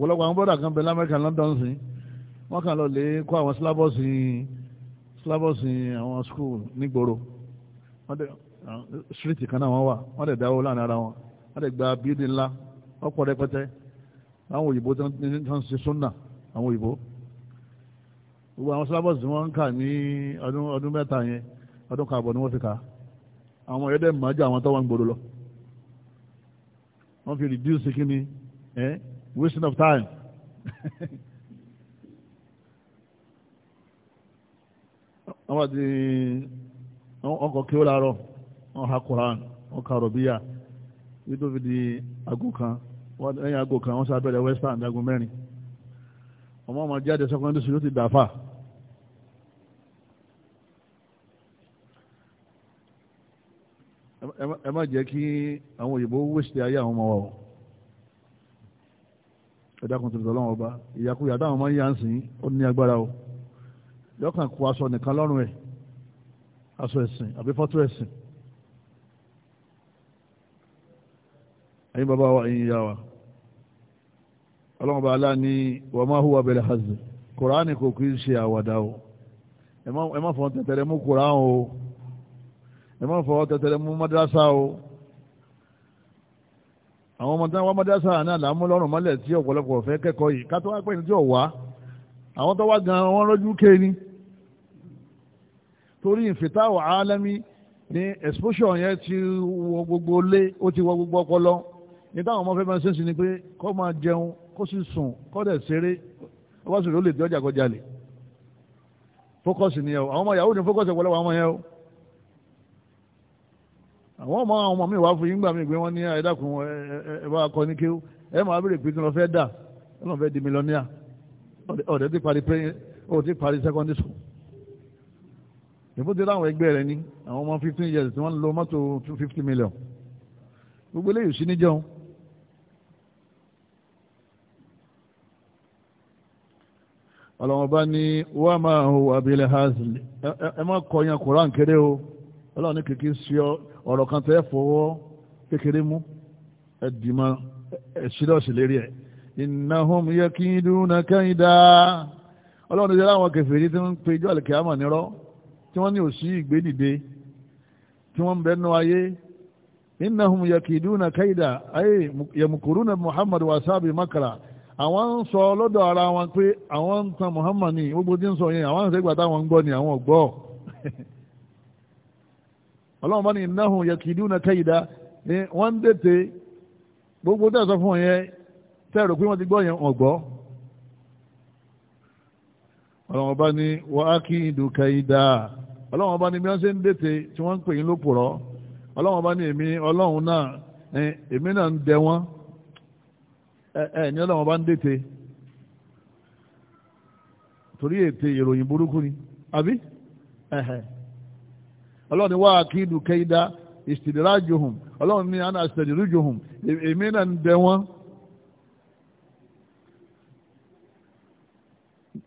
ọ̀pọ̀lọpọ̀ àwọn bọ́dà kan bẹ lamẹ́ríkà London sí wọ́n kàn lọ lè kó àwọn sílábọ̀sì sílábọ̀sì àwọn skul nígboro street kan náà wọ́n wà wọ́n dẹ̀ dáwó láàrin ara wọn wọ́n dẹ̀ gba bídì ńlá ọ̀pọ̀ rẹpẹtẹ àwọn òyìnbó tó ń ṣe àwọn òyìnbó gbogbo àwọn ń kà ní ọdún mẹ́ta yẹn ọdún kààbọ̀ ni wọ́n fi kà àwọn àwọn tó wà lọ wọ́n fi reduce kí ni wasting of time àwọn àti ọkọ̀ kí ó láàárọ̀ wọn ha rọ̀bíyà nítorí di agùn kan lẹ́yìn aago kan wọ́n sábẹ́rẹ̀ western dagun mẹ́rin ọmọ ọmọ jáde secondary school ti dàfà ẹ má jẹ́ kí àwọn òyìnbó wéṣẹ̀ ayé àwọn ọmọ wa o ẹ̀dàkùn tuntun ọlọ́wọ́n ọba ìyàkuyà táwọn ọmọ yíyá ń sìn ó ní agbára o yọkàn kó aṣọ nìkan lọ́rùn ẹ̀ aṣọ ẹ̀sìn àbí fọ́tò ẹ̀sìn ẹ̀yin bàbá wa ẹ̀yin ìyá wa ọlọ́run bá aláà ní wọ́n máa hùwà bẹ̀rẹ̀ hazard kùránì kò kì í ṣe àwàdà o ẹ má fọ tẹ̀tẹ̀rẹ̀ mú kùrán o ẹ má fọ tẹ̀tẹ̀rẹ̀ mú madrasa o àwọn ọmọ wa madrasa náà là ń mú lọ́rùn mọ́lẹ̀ tí ọ̀pọ̀lọpọ̀ fẹ́ kẹ́kọ̀ọ́ yìí ká tó wá pẹ́ ní tí ò wá àwọn tó wá gan wọn lójú ké ni torí ìfìtáwọ̀ alámi ní exposure yẹn ti wọ gbogbo lé ó ti wọ gbogbo ọpọlọ ní táwọn ọmọ fẹ́ máa ṣe é sí ni pé kó máa jẹun kó sì sùn kó dẹ̀ ṣeré ó bá sùn ló lè di ọjà kọjá lè fókọ́sì nìyẹn o àwọn ọmọ yahoo ní fókọ́sì ọ̀pọ̀lọpọ̀ àwọn ọmọ yẹn o àwọn ọmọ àwọn ọmọ mi wá fún yín gbà mí pé wọ́n ní ah, ẹ̀ẹ́dàkùn ẹ bá kọ ní kéwú ẹ máa bèrè pé kí ló fẹ́ dà ẹ lọ́n fẹ́ di mílíọ̀nìyà ọ̀dẹ̀ ti parí pé ó ti parí secondary school ìbúdé láwọn ẹgbẹ́ rẹ ní àwọn ọmọ fifteen years tí wọ́n lo mọ́tò two fifty million gbogbo eléyìí sí níjẹun ọlọ́wọ́n bá ní wà máa hù abilẹ̀ hasil ẹ má kọ yan koran kéré o ọlọ́wọ́n ní kìkì sí ọ̀rọ̀ kan tẹ́ fọwọ́ kékeré mú ẹ dìímọ̀ ẹ sílẹ̀ ọ̀sẹ̀ lérí ẹ̀ innahum yakiduna kaida ọlọ́wọ́n ní sẹ́lá àwọn kẹfìrí tí wọ́n ń pe ijó àlùkìyàmọ̀ nírọ́ tí wọ́n ní òsì ìgbénìde tí wọ́n ń bẹ́nu ayé innahum yakiduna kaida ayé yamukuruna muhammadu wasabi makara àwọn ń sọ lọ́dọ̀ ara wọn pé àwọn ń tan Muhammad gbogbo tí ń sọ yẹn àwọn àṣẹgbà táwọn wọn gbọ́ ni àwọn gbọ́ ọlọ́run bá ní innahum na kaida ni wọ́n ń dètè gbogbo tẹ́ sọ fún yẹn tẹ́ pé wọ́n ti gbọ́ yẹn ọlọ́run bá ní ọlọ́run bá ní bí wọ́n ẹ ní ọlọ́wọ́n bá ń dètè torí ètè ìròyìn burúkú ni àbí ọlọ́run ni wá àkídù kẹ́ídá ọlọ́run ni àná àṣẹ̀dìrújòhùn èmi náà ń dẹ wọ́n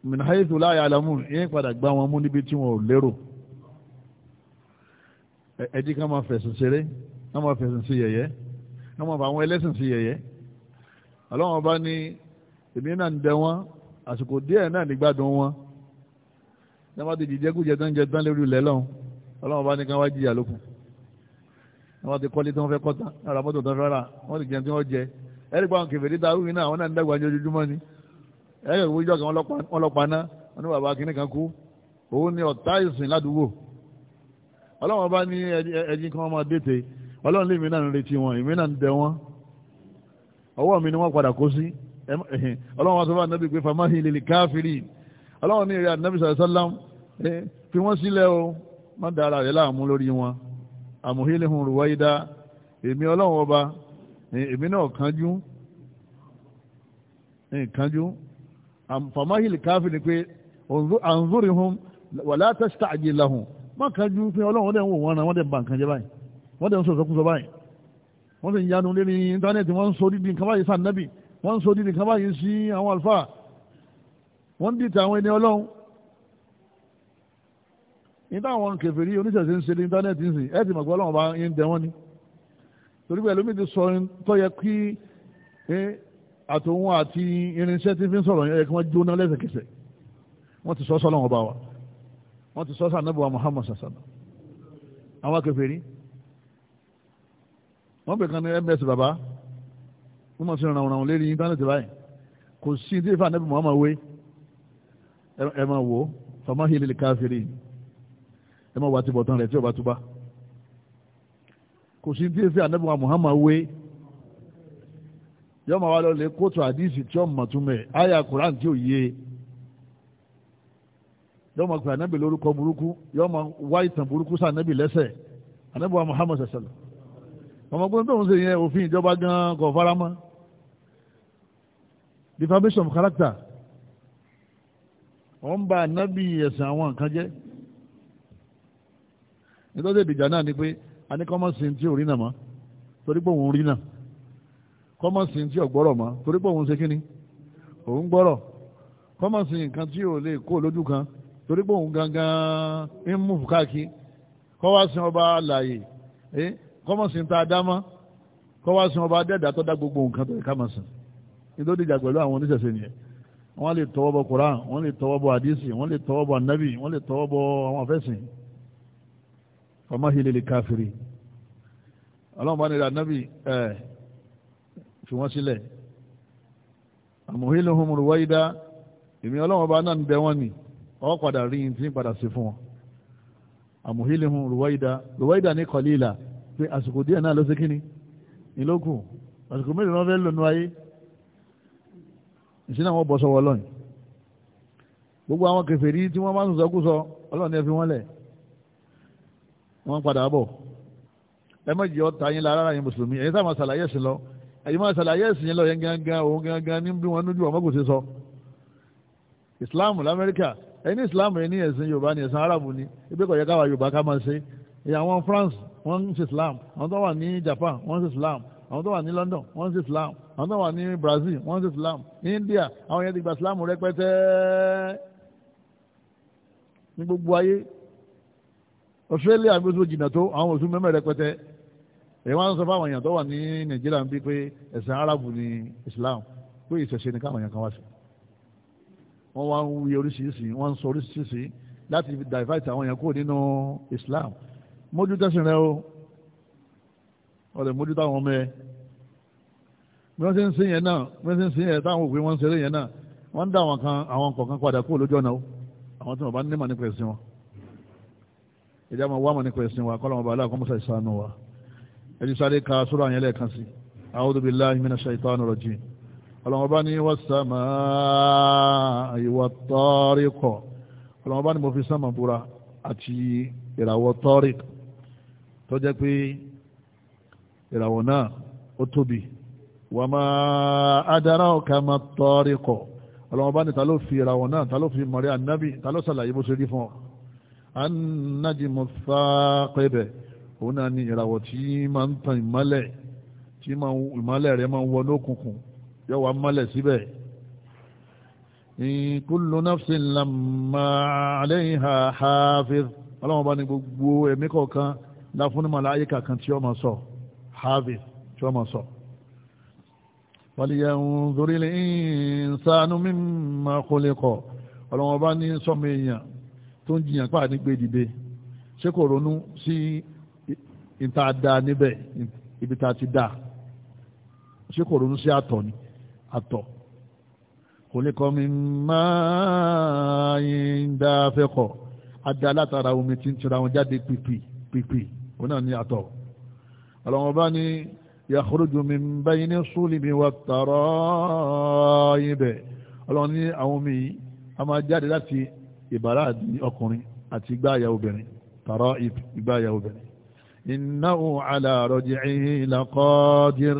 mìnàhàìsù láàyè àlàmù yẹn padà gbá wọn mú níbi tí wọn ò lérò ẹjí ká máa fẹ̀sùn ṣeré ká máa fẹ̀sùn sí yẹ̀yẹ́ ká máa fà àwọn ọlọ́run ọba ní èmi náà ń dẹ wọn àsìkò díẹ̀ náà nígbàdùn wọn náà bá ti dìde kújẹ tán jẹ tán lórí ilẹ̀ lọ́hùn ọlọ́run ọba ní ká wá jìyà lókun wọ́n ti kọ́lé tí wọ́n fẹ́ kọ́ta ara mọ́tò tó fẹ́ rà wọ́n ti jẹ tí wọ́n jẹ ẹ̀rí pa àwọn kẹfẹ́rí ta arúgbìn náà àwọn náà ń dàgbà ní ojoojúmọ́ ni ẹ̀rí ìwé kan wọ́n lọ ọwọ́ mi ni wọ́n padà kó sí ọlọ́run wọn sọ fún anabi pé famahi lil kafirin ọlọ́run ní ìrẹ́ anabi sallallahu alaihi wasallam fi wọ́n sílẹ̀ o má dára rẹ̀ láàmú lórí wọn amuhilihum ruwaida èmi ọlọ́run ọba èmi náà kánjú kánjú famahi lil kafirin pé anzurihum wala tasta'jil lahum má kánjú pé ọlọ́run ọdẹ ń wò wọn ra wọ́n dẹ̀ ń ba nǹkan jẹ báyìí wọ́n dẹ̀ ń sọ̀rọ̀ sọ́kúsọ báyìí wọ́n sì ń yanu lórí íńtánẹ́ẹ̀tì wọ́n ń so dídì nǹkan báyìí sànnábì wọ́n ń so dídì nǹkan báyìí sí àwọn àlùfáà wọ́n ń dìtẹ̀ àwọn ẹni ọlọ́run níta àwọn kèfèrí oníṣẹ̀ṣe ń ṣe ní íńtánẹ́ẹ̀tì nsìn ẹ̀ ti mọ̀ pé ọlọ́run bá ń dẹ wọ́n ni torí pé ẹlòmíì ti sọ tó yẹ kí àtòun àti irinṣẹ́ tí fi ń sọ̀rọ̀ yẹ kí wọ́n jóná lẹ́sẹ̀kẹsẹ̀ wọ́n ti sọ sọ́lọ́run ọba wa wọ́n ti sọ sànnábì Muhammad sàṣàlá àwọn kèfèrí wọ́n pè kan ní ms baba wọ́n mọ̀ sí ọ̀nà ọ̀nà lérí íńtánẹ́ẹ̀tì báyìí kò sí ní ìfà nẹ́bí mọ́mọ́ wé ẹ máa wò ó fama hìlì lè ẹ máa wà ti bọ̀tán rẹ̀ tí ọba túbá kò sí ní ìfà nẹ́bí Muhammad wé yọ máa lọ kóòtù àdìsí tí ó mọ̀ àyà tí ò yé yọ máa lórúkọ burúkú yọ máa wá ìtàn burúkú sí lẹ́sẹ̀ Muhammad ọmọ pé tóun ṣe yẹn òfin ìjọba gan kò fara mọ́ defamation of character wọ́n ba ànábì ẹ̀sìn àwọn nǹkan jẹ́ nítorí ìdìjà náà ni pé a ní kọ́mọ́sìn tí ò rí nà mọ́ torí pé òun rí nà kọ́mọ́sìn tí ò gbọ́rọ̀ mọ́ torí pé òun ṣe kíni òun gbọ́rọ̀ kọ́mọ̀sí nǹkan tí ò lè kó lójú kan torí pé òun gangan ń mú káàkiri kọ́ wá sin ọba àlàyé kọ́mọ̀sí ń ta adámá kọ́ wá sin ọba adẹ́dà tó dá gbogbo nǹkan tó yẹ ká máa sìn nítorí ìjà pẹ̀lú àwọn oníṣẹ̀ṣe nìyẹn wọ́n lè tọwọ́ bọ koran wọ́n lè tọwọ́ bọ àdísì wọ́n lè tọwọ́ bọ anabi wọ́n lè tọwọ́ bọ àwọn afẹ́sìn ọmọ hilele káfírí ọlọ́run bá nílẹ̀ anabi ẹ̀ fi wọ́n sílẹ̀ àmọ̀hílẹ̀ homoro wáyé dá èmi ọlọ́run bá náà ń bẹ wọ́n ni ọ̀ padà rí yín padà sí fún wọn àmọ̀hílẹ̀ homoro wáyé dá lọ́wọ́ ìdá ní kọ́lí ìlà pé àsìkò díẹ̀ náà ló ṣe kíni ìlókù àsìkò mélòó wọn fẹ́ lò nú ayé ìṣẹ́ náà wọ́n bọ́ sọ́wọ́ ọlọ́run gbogbo àwọn kèfèrí tí wọ́n máa ń sọ kú sọ ọlọ́run ẹ fi wọ́n lẹ̀ wọ́n padà bọ̀ ẹ má jẹ́ ọ̀tá yín lára yín mùsùlùmí ẹ̀yin sáà máa ṣàlàyé ẹ̀sìn lọ ẹ̀yin máa ṣàlàyé ẹ̀sìn yẹn lọ yẹn gangan òun gangan ní bí wọn lójú ọmọ kò ṣe sọ ìsìláàmù lamẹ́ríkà ẹ̀yin ní ìsìláàmù ẹ̀sìn yorùbá ní ẹ̀sìn arábù ní ibi kò yẹ káwa yorùbá ká máa ṣe ìyàwọn France wọ́n ń ṣe Islam àwọn tó wà ní Japan wọ́n ń ṣe Islam àwọn tó wà ní London wọ́n ń ṣe Islam àwọn tó wà ní Brazil wọ́n ń ṣe Islam ní India àwọn yẹn ti gba Islam rẹpẹtẹ ní gbogbo ayé Australia bí ó tó jìnnà tó àwọn òṣù mẹ́mẹ́ rẹpẹtẹ èyí wọ́n sọ fáwọn èèyàn tó wà ní Nàìjíríà ń bí pé ẹ̀sìn Arabu ni Islam pé ìṣẹ̀ṣe ni káwọn èèyàn kan wá sí wọ́n wá ń wí oríṣiríṣi wọ́n ń sọ oríṣiríṣi láti divert àwọn èèyàn kúrò nínú Islam mójú tẹ́sìn rẹ o ọ̀rẹ́ mójú táwọn ọmọ ẹ bí wọ́n ṣe ń sin yẹn náà bí wọ́n ṣe ń sin yẹn táwọn òfin wọn ń ṣeré yẹn náà wọ́n ń dá àwọn kan àwọn kọ̀ọ̀kan padà kúrò lójú ọ̀nà o àwọn tí wọ́n bá ní mọ̀ nípa ẹ̀sìn wọn ìjà máa wá mọ̀ nípa ẹ̀sìn wa kọ́lọ́mọba aláàkọ́mọ́sá ìsànù wa ẹ̀dí sáré ka sórí àyẹ̀lẹ̀ kan sí a'udhu billahi minash shaitanir rajim tó jẹ́ pé ìràwọ̀ náà ó tóbi wà máa adara ọ̀ka máa tọ́rí kọ̀ ọlọ́mọba ní ta ló fi ìràwọ̀ náà ta ló fi mọ̀rí ànábì ta ló sàlàyé bó ṣe rí fún ọ anájìmọ̀ sáàpẹ̀bẹ̀ òun náà ni ìràwọ̀ tí máa ń tan ìmọ́lẹ̀ tí ìmọ́lẹ̀ rẹ̀ máa ń wọnú òkùnkùn yóò wá mọ́lẹ̀ síbẹ̀ kullu nafsin lamma alayha hafiz ọlọ́mọba ní gbogbo ẹ̀mí kọ̀ọ̀kan láfún màláyíkà kan tí ó máa sọ harvey tí ó máa sọ wàlíyàwó zorí lè ń sánú mímọ̀ kólẹ́kọ̀ ọlọ́wọ́n bá ní sọmọ èèyàn tó ń jiyàn pàà ní gbé dìde ṣé kò ronú sí ìta da níbẹ̀ ibi ta ti da ṣé kò ronú sí àtọ̀ ni àtọ̀ kólẹ́kọ̀ mi máa ń dáfẹ́kọ̀ adá látara omi tí ń tira wọn jáde pìpì pìpì òun náà ní àtọ̀ ọlọ́wọ́n bá ní yakhruju min bayni sulbi wat tara'ib ọlọ́wọ́n ní àwọn omi yìí a máa jáde láti ìbàrá àti ọkùnrin àti ìgbáyà obìnrin tara'ib ìgbáyà obìnrin innahu ala raj'ihi laqadir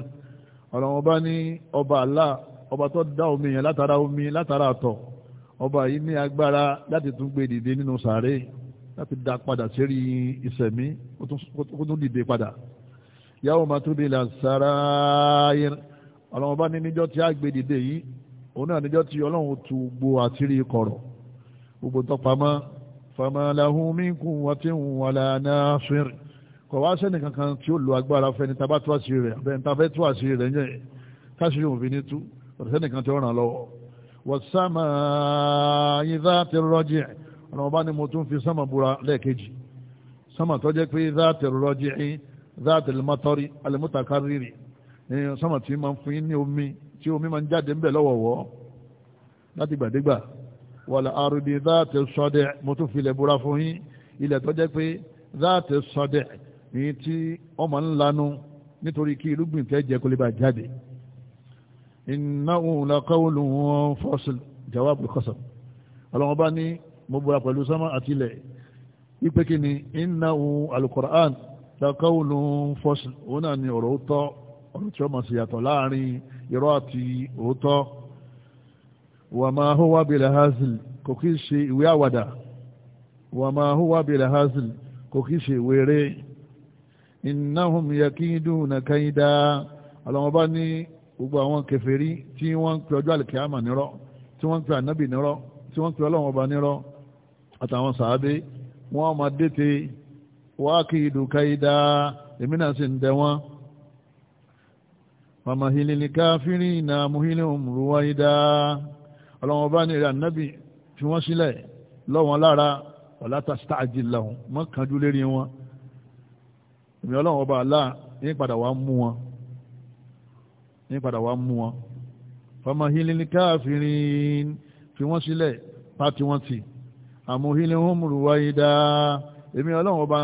ọlọ́wọ́n bá ní ọba àlá ọba tó dá omi yẹn látara omi látara àtọ̀ ọba yìí ní agbára láti tún gbé dìde nínú sàárè láti dá padà sérí ìsẹ̀mí ó tún dìde padà yàwó máa tún bí ilà sára yẹn ọlọ́run bá ní níjọ́ tí a gbé dìde yìí òun náà níjọ́ tí ọlọ́run tu gbo àṣírí kọ̀rọ̀ gbogbo tọpamọ́ famalahun minkun wàtí wàlà náà fẹ́rẹ̀ kọ̀ wá sẹ́ni kankan tí ó lo agbára fẹ́ni tá a àṣírí rẹ̀ abẹ́ni tá a àṣírí rẹ̀ yẹn káṣírí òun ní tú ọ̀sẹ́ni kan tí ó ràn lọ́wọ́ wọ́n sá máa yín dá ti rọ́jì ẹ̀ ọ̀nà ọba ni mo tún fi sánmà búra lẹ́ẹ̀kejì sánmà tó jẹ́ pé záàtì rọ́jì ẹ̀ záàtì lẹ́mọ́tọ́rí alẹ́mọ́tàkárírì sánmà tí máa ń fún yín ní omi tí omi máa ń jáde ńbẹ̀ lọ́wọ̀wọ́ láti gbàdégbà wàlà àrùdì záàtì sọ́dẹ̀ mo tún filẹ̀ búra fún yín ilẹ̀ tó jẹ́ pé záàtì sọ́dẹ̀ ní tí ọmọ ń lanu nítorí kí irúgbìn tẹ́ jẹ́ kó lè bá mo búra pẹ̀lú sánmà àti ilẹ̀ wípé kí ni innahu alukur'an takawulu fọ́sì òun náà ni ọ̀rọ̀ òótọ́ ọ̀rọ̀ tí ó mọ̀ sí yàtọ̀ láàrin irọ́ àti òótọ́ wa ma huwa bil hazl kò kí ń ṣe ìwé àwàdà wa ma huwa bil hazl kò kí ń ṣe ìwé eré innahum yakiduna kaida ọlọ́mọba ní gbogbo àwọn kèfèrí tí wọ́n ń pe ọjọ́ àlùkìyàmà nírọ́ tí wọ́n ń pe ànábì nírọ́ tí wọ́n ń pe ọlọ́mọba nírọ́ àtàwọn sàábé wọ́n máa dètè wákì ìdùkàìdá èmi náà sì ń dẹ wọ́n màmá hìlìlì káfírí na muhìlì òmùrùwáìdá ọlọ́wọ́n bá ní ìrìn ànábì fi wọ́n sílẹ̀ lọ́wọ́n lára ọ̀lá tàṣítà àjìláhùn mọ́ kanjú lérí wọn èmi ọlọ́wọ́n bá aláà ní padà wá mú wọn ní padà wá mú wọn fàmà hìlìlì káfírí fi wọ́n sílẹ̀ pàtí wọ́n ti àmúhílẹ̀ wọn mú ruwa yìí dáa èmi ọlọ́run ọba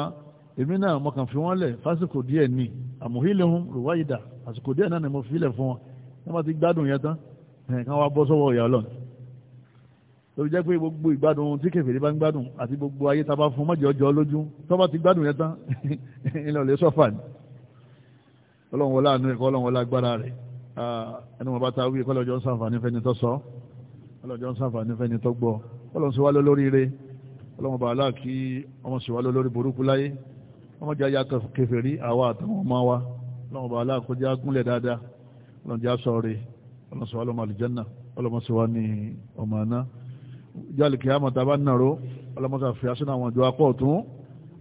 èmi náà mo kàn fi wọ́n lẹ̀ fásìkò díẹ̀ ni àmúhílẹ̀ wọn ruwa yìí dáa àsìkò díẹ̀ náà ni mo filẹ̀ fún wọn wọ́n bá ti gbádùn yẹn tán ẹ̀ẹ̀kan wá bọ́ sọ́wọ́ ìyá ọlọ́run tó fi jẹ́ pé gbogbo ìgbádùn tí kèfèrè bá ń gbádùn àti gbogbo ayé tá a bá fún mọ́jọ́ ọjọ́ lójú tó bá ti gbádùn yẹn tán ilẹ̀ òlé sọ́fà ni ọlọ́run wọlé àánú ẹ̀kọ́ ọlọ́run wọlé agbára rẹ̀ ah, ẹnu wọn bá ta wí ẹ̀kọ́ ọlọ́jọ́ ń sàǹfààní fẹ́ni tó sọ ọlọ́jọ́ ń sàǹfààní fẹ́ni tó gbọ́ ọlọ́run sì wá lọ lórí ire ọlọ́run bàálà kí ọmọ sì wá lọ lórí burúkú láyé ọmọ jẹ́ ayá kẹfẹ́rí àwa àtàwọn ọmọ wa ọlọ́run bàálà kó jẹ́ agúnlẹ̀ dáadáa ọlọ́run jẹ́ asọ̀rẹ́ ọlọ́run sì wá lọ́mọ àlùjànnà ọlọ́run sì wá ní ọmọ àná jáàlì kí bá nàró ọlọ́run sì fi asínú àwọn ìjọ apọ̀ ọ̀tún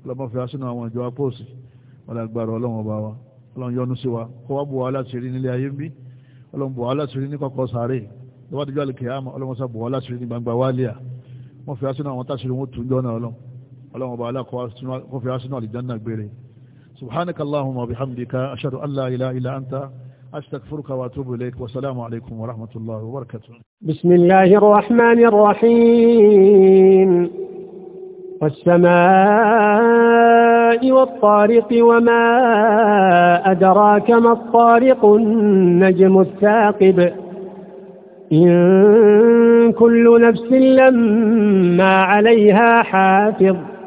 ọlọ́run fi asínú àwọn ìjọ apọ̀ òsì ọlọ́run ọba ọlọ́run yọ́nú wa ọlọ́run bu wọ́n fi asínú àwọn táṣírí wọn tún jọ́nà ọlọ́run ọlọ́run ọba aláàkọ́ fi asínú àlìjánná gbére subhanaka allahumma wa bihamdika ashhadu an la ilaha illa anta استغفرك واتوب اليك والسلام عليكم ورحمه الله وبركاته. بسم الله الرحمن الرحيم. والسماء wa ma أدراك ما الطارق النجم الثاقب إن كل نفس لما عليها حافظ